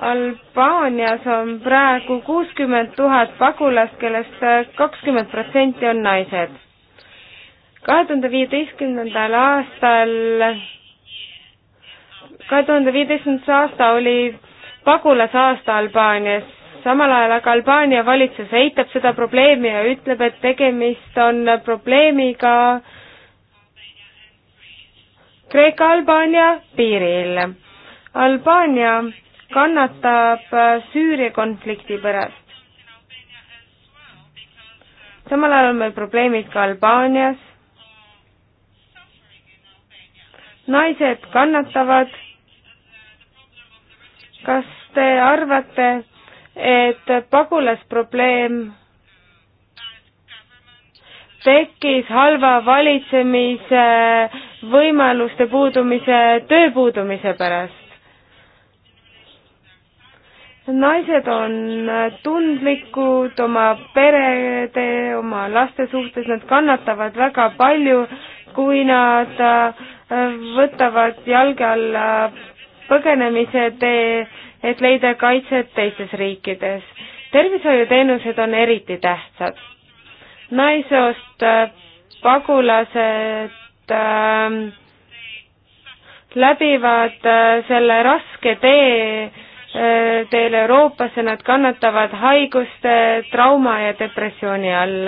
Albaanias on praegu kuuskümmend tuhat pagulast, kellest kakskümmend protsenti on naised. kahe tuhande viieteistkümnendal aastal, kahe tuhande viieteistkümnendas aasta oli pagulasaasta Albaanias, samal ajal aga Albaania valitsus eitab seda probleemi ja ütleb, et tegemist on probleemiga Kreeka-Albaania piiril. Albaania kannatab äh, Süüria konflikti pärast. samal ajal on meil probleemid ka Albaanias. naised kannatavad. kas te arvate, et pagulasprobleem tekkis halva valitsemise võimaluste puudumise, töö puudumise pärast? naised on tundlikud oma perede, oma laste suhtes, nad kannatavad väga palju, kui nad äh, võtavad jalge alla põgenemise tee, et leida kaitset teistes riikides. tervishoiuteenused on eriti tähtsad. naissoost äh, pagulased äh, läbivad äh, selle raske tee äh, Äh, teel Euroopasse, nad kannatavad haiguste, trauma ja depressiooni all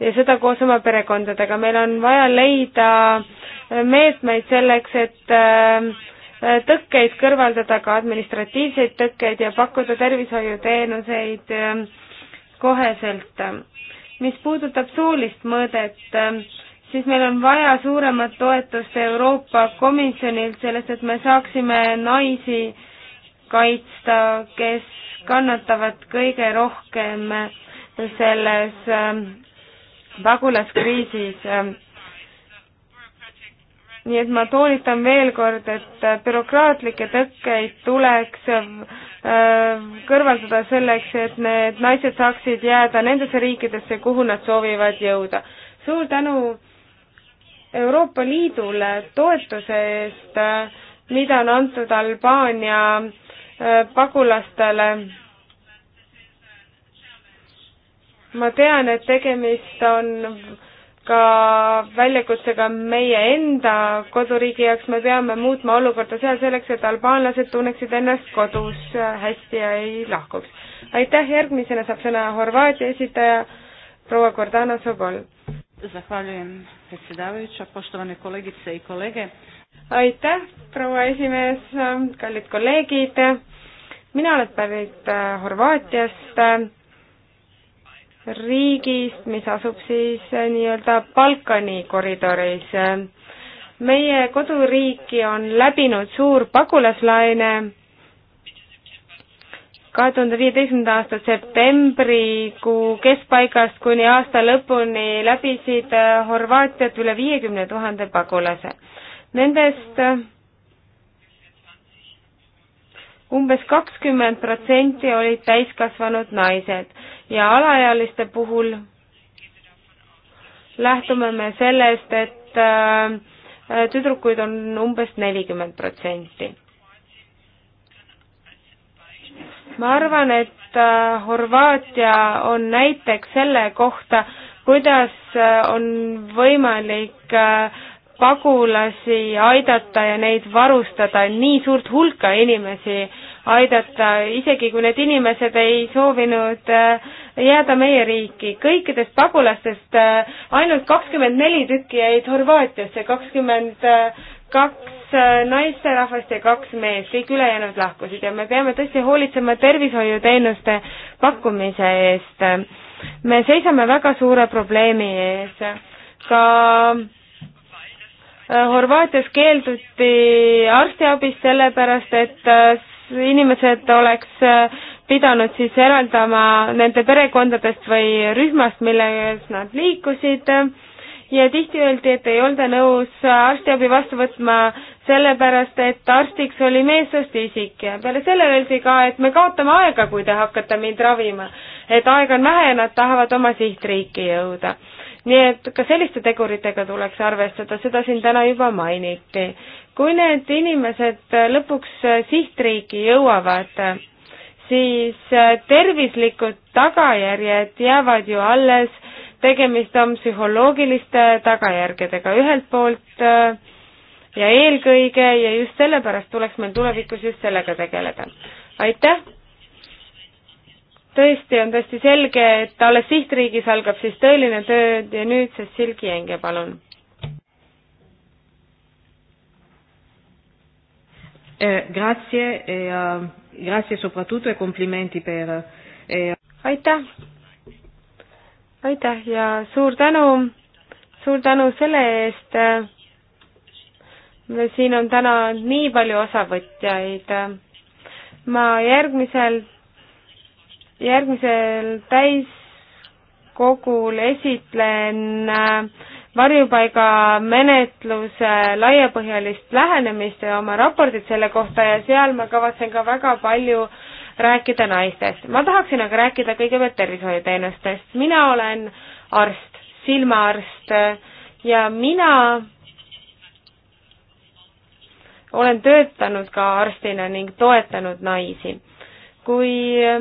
ja seda koos oma perekondadega. meil on vaja leida äh, meetmeid selleks, et äh, tõkkeid kõrvaldada, ka administratiivseid tõkkeid ja pakkuda tervishoiuteenuseid koheselt. mis puudutab soolist mõõdet, siis meil on vaja suuremat toetust Euroopa Komisjonilt sellest, et me saaksime naisi kaitsta, kes kannatavad kõige rohkem selles ähm, pagulaskriisis. nii et ma toonitan veel kord, et äh, bürokraatlikke tõkkeid tuleks äh, kõrvaldada selleks, et need naised saaksid jääda nendesse riikidesse, kuhu nad soovivad jõuda. suur tänu Euroopa Liidule toetuse eest, äh, mida on antud Albaania Äh, pagulastele. ma tean, et tegemist on ka väljakutsega meie enda koduriigi jaoks, me peame muutma olukorda seal selleks, et albaanlased tunneksid ennast kodus hästi ja ei lahkuks. aitäh, järgmisena saab sõna Horvaatia esitaja proua Gordana Sobol. Zahvaljujem predsjedavajuća, poštovane kolegice i kolege aitäh, proua esimees, kallid kolleegid. mina olen pärit äh, Horvaatiast, riigist, mis asub siis äh, nii-öelda Balkani koridoris. meie koduriiki on läbinud suur pagulaslaine kahe tuhande viieteistkümnenda aasta septembrikuu keskpaigast kuni aasta lõpuni läbisid äh, Horvaatiat üle viiekümne tuhande pagulase. Nendest äh, umbes kakskümmend protsenti olid täiskasvanud naised ja alaealiste puhul lähtume me sellest, et äh, tüdrukuid on umbes nelikümmend protsenti. ma arvan, et äh, Horvaatia on näiteks selle kohta, kuidas on võimalik äh, pagulasi aidata ja neid varustada, nii suurt hulka inimesi aidata, isegi kui need inimesed ei soovinud äh, jääda meie riiki. kõikidest pagulastest äh, ainult kakskümmend neli tükki jäid Horvaatiasse, kakskümmend äh, kaks naisterahvast ja kaks meest, kõik ülejäänud lahkusid ja me peame tõesti hoolitsema tervishoiuteenuste pakkumise eest. me seisame väga suure probleemi ees. ka Horvaatias keelduti arstiabist sellepärast, et äh, inimesed oleks äh, pidanud siis eraldama nende perekondadest või rühmast, milles nad liikusid ja tihti öeldi, et ei olda nõus arstiabi vastu võtma sellepärast, et arstiks oli meessoost isik ja peale selle öeldi ka, et me kaotame aega, kui te hakkate mind ravima. et aega on vähe ja nad tahavad oma sihtriiki jõuda nii et ka selliste teguritega tuleks arvestada, seda siin täna juba mainiti. kui need inimesed lõpuks sihtriiki jõuavad, siis tervislikud tagajärjed jäävad ju alles, tegemist on psühholoogiliste tagajärgedega ühelt poolt äh, ja eelkõige ja just sellepärast tuleks meil tulevikus just sellega tegeleda. aitäh! tõesti, on täiesti selge, et alles sihtriigis algab siis tõeline töö ja nüüd Cecil Kienge, palun. Eh, grazie ja eh, grazie soprattutto e complimenti per e.... aitäh, aitäh ja suur tänu, suur tänu selle eest. siin on täna nii palju osavõtjaid. ma järgmisel järgmisel täiskogul esitlen äh, varjupaigamenetluse laiapõhjalist lähenemist ja oma raportit selle kohta ja seal ma kavatsen ka väga palju rääkida naistest. ma tahaksin aga rääkida kõigepealt tervishoiuteenustest. mina olen arst, silmaarst äh, ja mina olen töötanud ka arstina ning toetanud naisi. kui äh,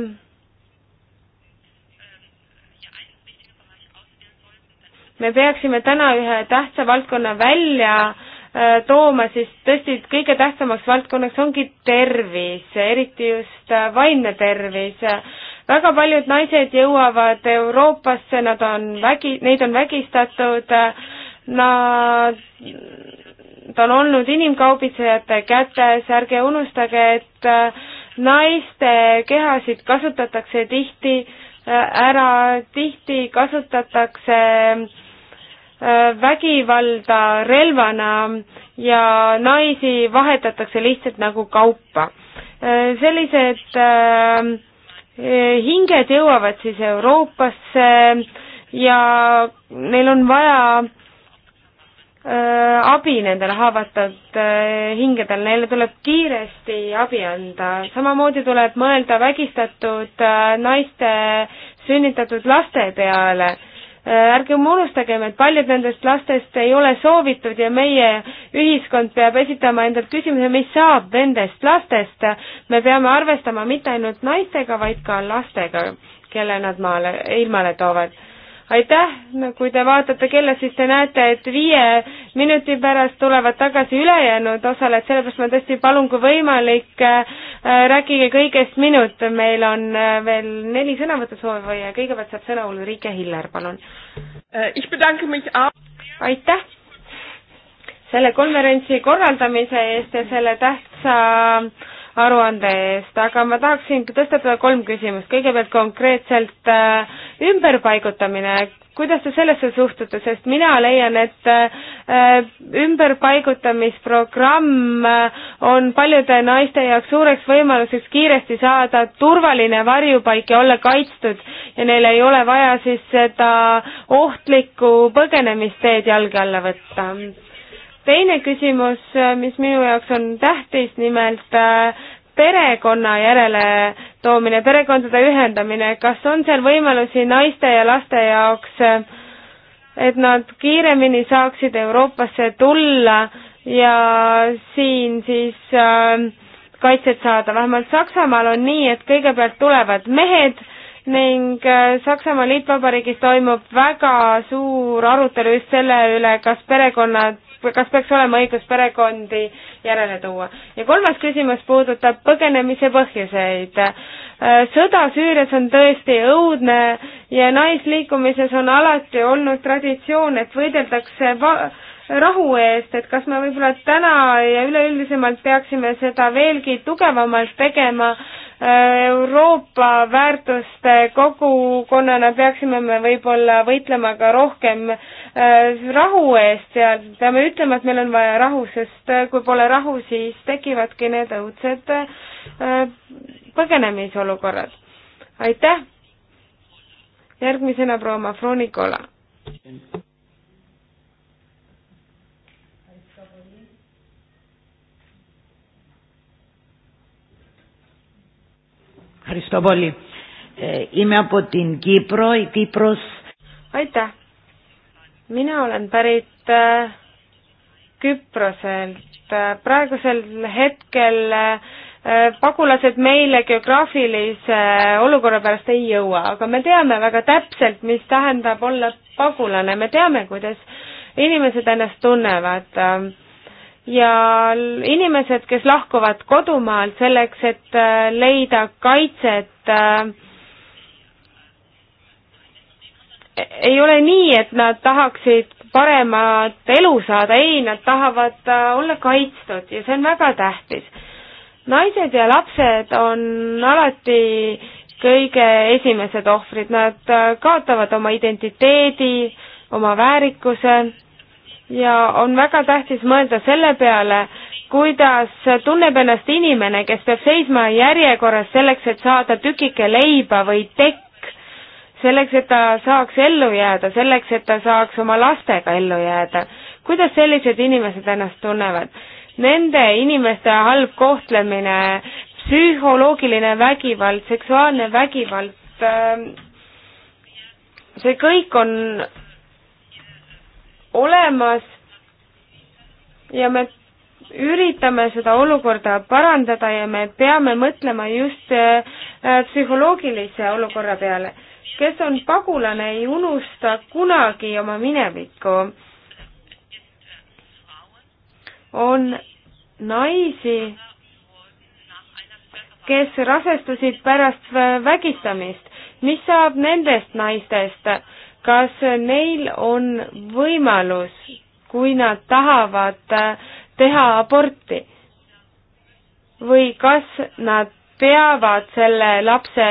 me peaksime täna ühe tähtsa valdkonna välja äh, tooma, siis tõesti kõige tähtsamaks valdkonnaks ongi tervis, eriti just äh, vaimne tervis. väga paljud naised jõuavad Euroopasse, nad on vägi, neid on vägistatud, nad ta on olnud inimkaubitsejate kätes, ärge unustage, et äh, naiste kehasid kasutatakse tihti ära, tihti kasutatakse Äh, vägivalda relvana ja naisi vahetatakse lihtsalt nagu kaupa. Äh, sellised äh, hinged jõuavad siis Euroopasse ja neil on vaja abi nendel haavatud hingedel, neile tuleb kiiresti abi anda, samamoodi tuleb mõelda vägistatud naiste sünnitatud laste peale Äh, ärgem unustagem, et paljud nendest lastest ei ole soovitud ja meie ühiskond peab esitama endalt küsimuse, mis saab nendest lastest. me peame arvestama mitte ainult naistega, vaid ka lastega, kelle nad maale, ilmale toovad aitäh, kui te vaatate kella, siis te näete, et viie minuti pärast tulevad tagasi ülejäänud osalejad, sellepärast ma tõesti palun, kui võimalik äh,, rääkige kõigest minut, meil on äh, veel neli sõnavõtusoovi ja kõigepealt saab sõna Ulrike Hiller, palun. Äh, aitäh selle konverentsi korraldamise eest ja selle tähtsa äh, aruande eest, aga ma tahaksin tõstatada kolm küsimust. kõigepealt konkreetselt äh, ümberpaigutamine, kuidas te sellesse suhtute, sest mina leian, et äh, ümberpaigutamisprogramm äh, on paljude naiste jaoks suureks võimaluseks kiiresti saada turvaline varjupaik ja olla kaitstud ja neil ei ole vaja siis seda ohtlikku põgenemisteed jalge alla võtta teine küsimus, äh, mis minu jaoks on tähtis, nimelt äh, perekonna järele toomine, perekondade ühendamine, kas on seal võimalusi naiste ja laste jaoks, äh, et nad kiiremini saaksid Euroopasse tulla ja siin siis kaitset saada, vähemalt Saksamaal on nii, et kõigepealt tulevad mehed ning Saksamaa Liitvabariigis toimub väga suur arutelu just selle üle, kas perekonnad kas peaks olema õigus perekondi järele tuua. ja kolmas küsimus puudutab põgenemise põhjuseid. Äh, sõda Süürias on tõesti õudne ja naisliikumises on alati olnud traditsioon, et võideldakse va-, rahu eest, et kas me võib-olla täna ja üleüldisemalt peaksime seda veelgi tugevamalt tegema äh, Euroopa väärtuste kogukonnana peaksime me võib-olla võitlema ka rohkem äh, rahu eest ja peame ütlema, et meil on vaja rahu, sest äh, kui pole rahu, siis tekivadki need õudsed põgenemisolukorrad. aitäh! järgmisena proua Mafronikola. Ευχαριστώ πολύ. Ε, είμαι από την Κύπρο, η Κύπρος... Aitäh! Mina olen pärit äh, Küproselt. Äh, praegusel hetkel äh, pagulased meile geograafilise olukorra pärast ei jõua, aga me teame väga täpselt, mis tähendab olla pagulane. Me teame, kuidas inimesed ennast tunnevad ja inimesed, kes lahkuvad kodumaalt selleks, et äh, leida kaitset, äh, e-, ei ole nii, et nad tahaksid paremat elu saada, ei, nad tahavad äh, olla kaitstud ja see on väga tähtis. naised ja lapsed on alati kõige esimesed ohvrid, nad kaotavad oma identiteedi, oma väärikuse ja on väga tähtis mõelda selle peale, kuidas tunneb ennast inimene, kes peab seisma järjekorras selleks, et saada tükike leiba või tekk, selleks, et ta saaks ellu jääda, selleks, et ta saaks oma lastega ellu jääda. kuidas sellised inimesed ennast tunnevad? Nende inimeste halb kohtlemine, psühholoogiline vägivald, seksuaalne vägivald, ähm, see kõik on olemas ja me üritame seda olukorda parandada ja me peame mõtlema just äh, psühholoogilise olukorra peale. kes on pagulane, ei unusta kunagi oma minevikku. on naisi, kes rasestusid pärast vägistamist. mis saab nendest naistest? kas neil on võimalus, kui nad tahavad teha aborti või kas nad peavad selle lapse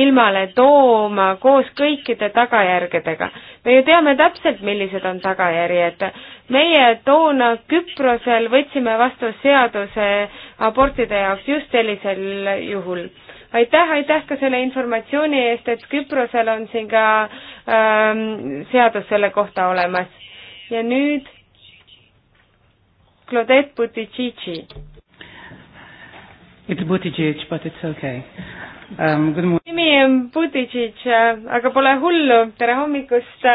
ilmale tooma koos kõikide tagajärgedega. me ju teame täpselt, millised on tagajärjed. meie toona Küprosel võtsime vastu seaduse abortide jaoks just sellisel juhul aitäh, aitäh ka selle informatsiooni eest, et Küprosel on siin ka ähm, seadus selle kohta olemas. ja nüüd Claudette Buttigieg. It's Buttigieg, but it's okay um,. nimi on Buttigieg, aga pole hullu, tere hommikust.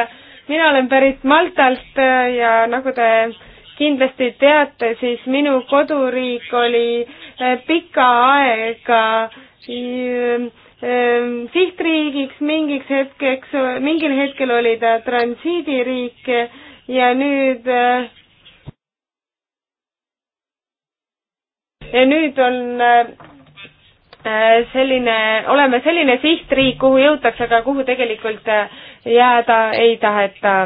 mina olen pärit Maltalt ja nagu te kindlasti teate, siis minu koduriik oli pikka aega äh, Ähm, ähm, sihtriigiks mingiks hetkeks, mingil hetkel oli ta transiidiriik ja nüüd äh, ja nüüd on äh, selline, oleme selline sihtriik, kuhu jõutakse, aga kuhu tegelikult äh, jääda ei taheta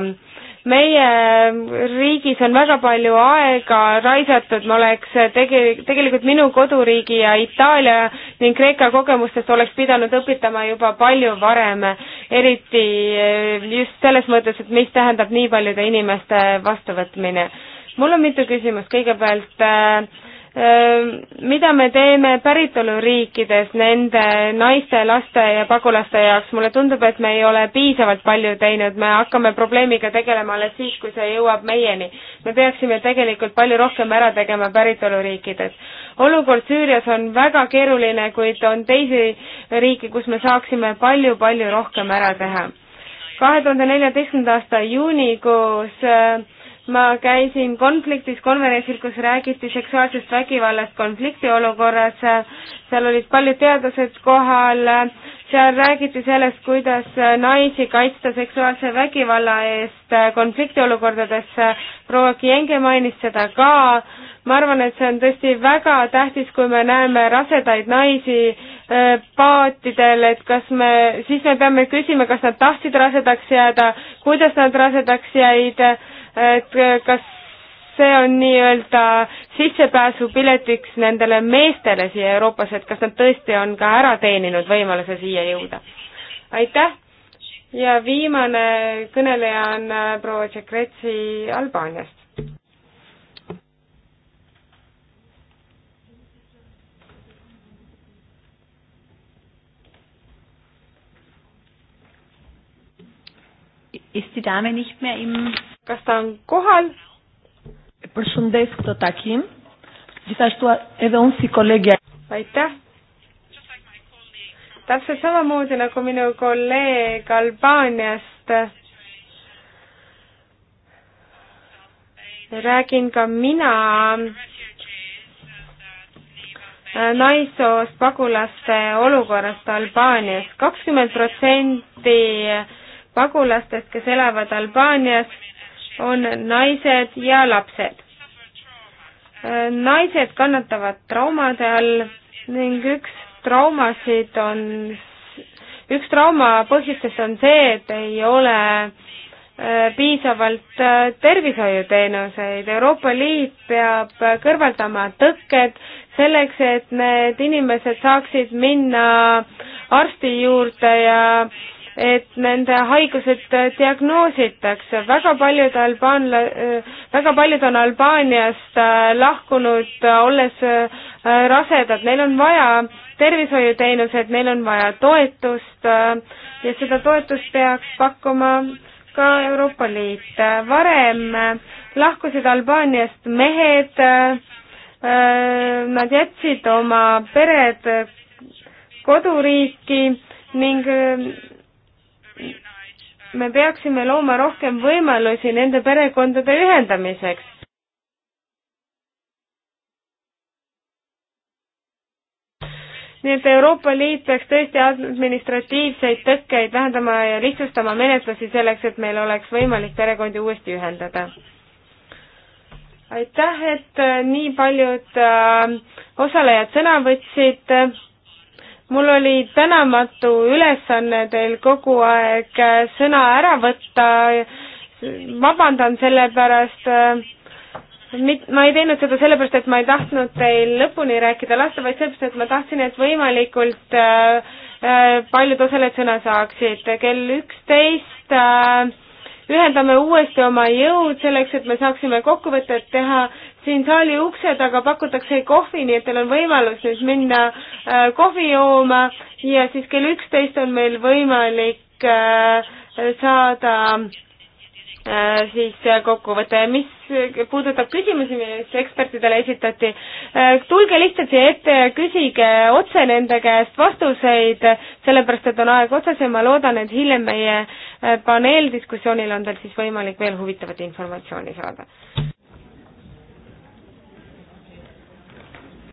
meie riigis on väga palju aega raisatud, ma oleks tege-, tegelikult minu koduriigi ja Itaalia ning Kreeka kogemustest oleks pidanud õpitama juba palju varem, eriti eh, just selles mõttes, et mis tähendab nii paljude inimeste vastuvõtmine. mul on mitu küsimust, kõigepealt äh, mida me teeme päritoluriikides nende naiste, laste ja pagulaste jaoks, mulle tundub, et me ei ole piisavalt palju teinud, me hakkame probleemiga tegelema alles siis, kui see jõuab meieni. me peaksime tegelikult palju rohkem ära tegema päritoluriikides. olukord Süürias on väga keeruline, kuid on teisi riike, kus me saaksime palju-palju rohkem ära teha. kahe tuhande neljateistkümnenda aasta juunikuus äh, ma käisin konfliktis konverentsil, kus räägiti seksuaalsest vägivallast konfliktiolukorras, seal olid paljud teadlased kohal, seal räägiti sellest, kuidas naisi kaitsta seksuaalse vägivalla eest konfliktiolukordades, proua Kienge mainis seda ka, ma arvan, et see on tõesti väga tähtis, kui me näeme rasedaid naisi äh, paatidel, et kas me, siis me peame küsima, kas nad tahtsid rasedaks jääda, kuidas nad rasedaks jäid, et kas see on nii-öelda sissepääsupiletiks nendele meestele siia Euroopasse, et kas nad tõesti on ka ära teeninud võimaluse siia jõuda. aitäh ja viimane kõneleja on äh, proua Tšekretsi Albaaniast. Ist die Dame nicht mehr im kas ta on kohal? aitäh. täpselt samamoodi nagu minu kolleeg Albaaniast. räägin ka mina äh, naissoost pagulaste olukorrast Albaanias. kakskümmend protsenti pagulastest, kes elavad Albaanias, on naised ja lapsed. naised kannatavad traumade all ning üks traumasid on, üks trauma põhjustest on see, et ei ole äh, piisavalt äh, tervishoiuteenuseid. Euroopa Liit peab kõrvaldama tõkked selleks, et need inimesed saaksid minna arsti juurde ja äh, et nende haigused äh, diagnoositakse. väga paljud albaanla-, äh, väga paljud on Albaaniast äh, lahkunud, olles rasedad, neil on vaja tervishoiuteenused, neil on vaja toetust ja seda toetust peaks pakkuma ka Euroopa Liit. varem lahkusid Albaaniast mehed, nad jätsid oma pered koduriiki ning me peaksime looma rohkem võimalusi nende perekondade ühendamiseks. nii et Euroopa Liit peaks tõesti administratiivseid tõkkeid vähendama ja lihtsustama menetlusi selleks, et meil oleks võimalik perekondi uuesti ühendada. aitäh, et nii paljud äh, osalejad sõna võtsid mul oli tänamatu ülesanne teil kogu aeg äh, sõna ära võtta, vabandan selle pärast, äh, mit-, ma ei teinud seda sellepärast, et ma ei tahtnud teil lõpuni rääkida lasta, vaid sellepärast, et ma tahtsin, et võimalikult äh, äh paljud osalejad sõna saaksid. kell üksteist äh, ühendame uuesti oma jõud selleks, et me saaksime kokkuvõtet teha siin saali ukse taga pakutakse kohvi, nii et teil on võimalus nüüd minna äh, kohvi jooma ja siis kell üksteist on meil võimalik äh, saada äh, siis kokkuvõte, mis puudutab küsimusi, mis ekspertidele esitati. tulge lihtsalt siia ette ja küsige otse nende käest vastuseid, sellepärast et on aeg otsas ja ma loodan, et hiljem meie paneeldiskussioonil on teil siis võimalik veel huvitavat informatsiooni saada.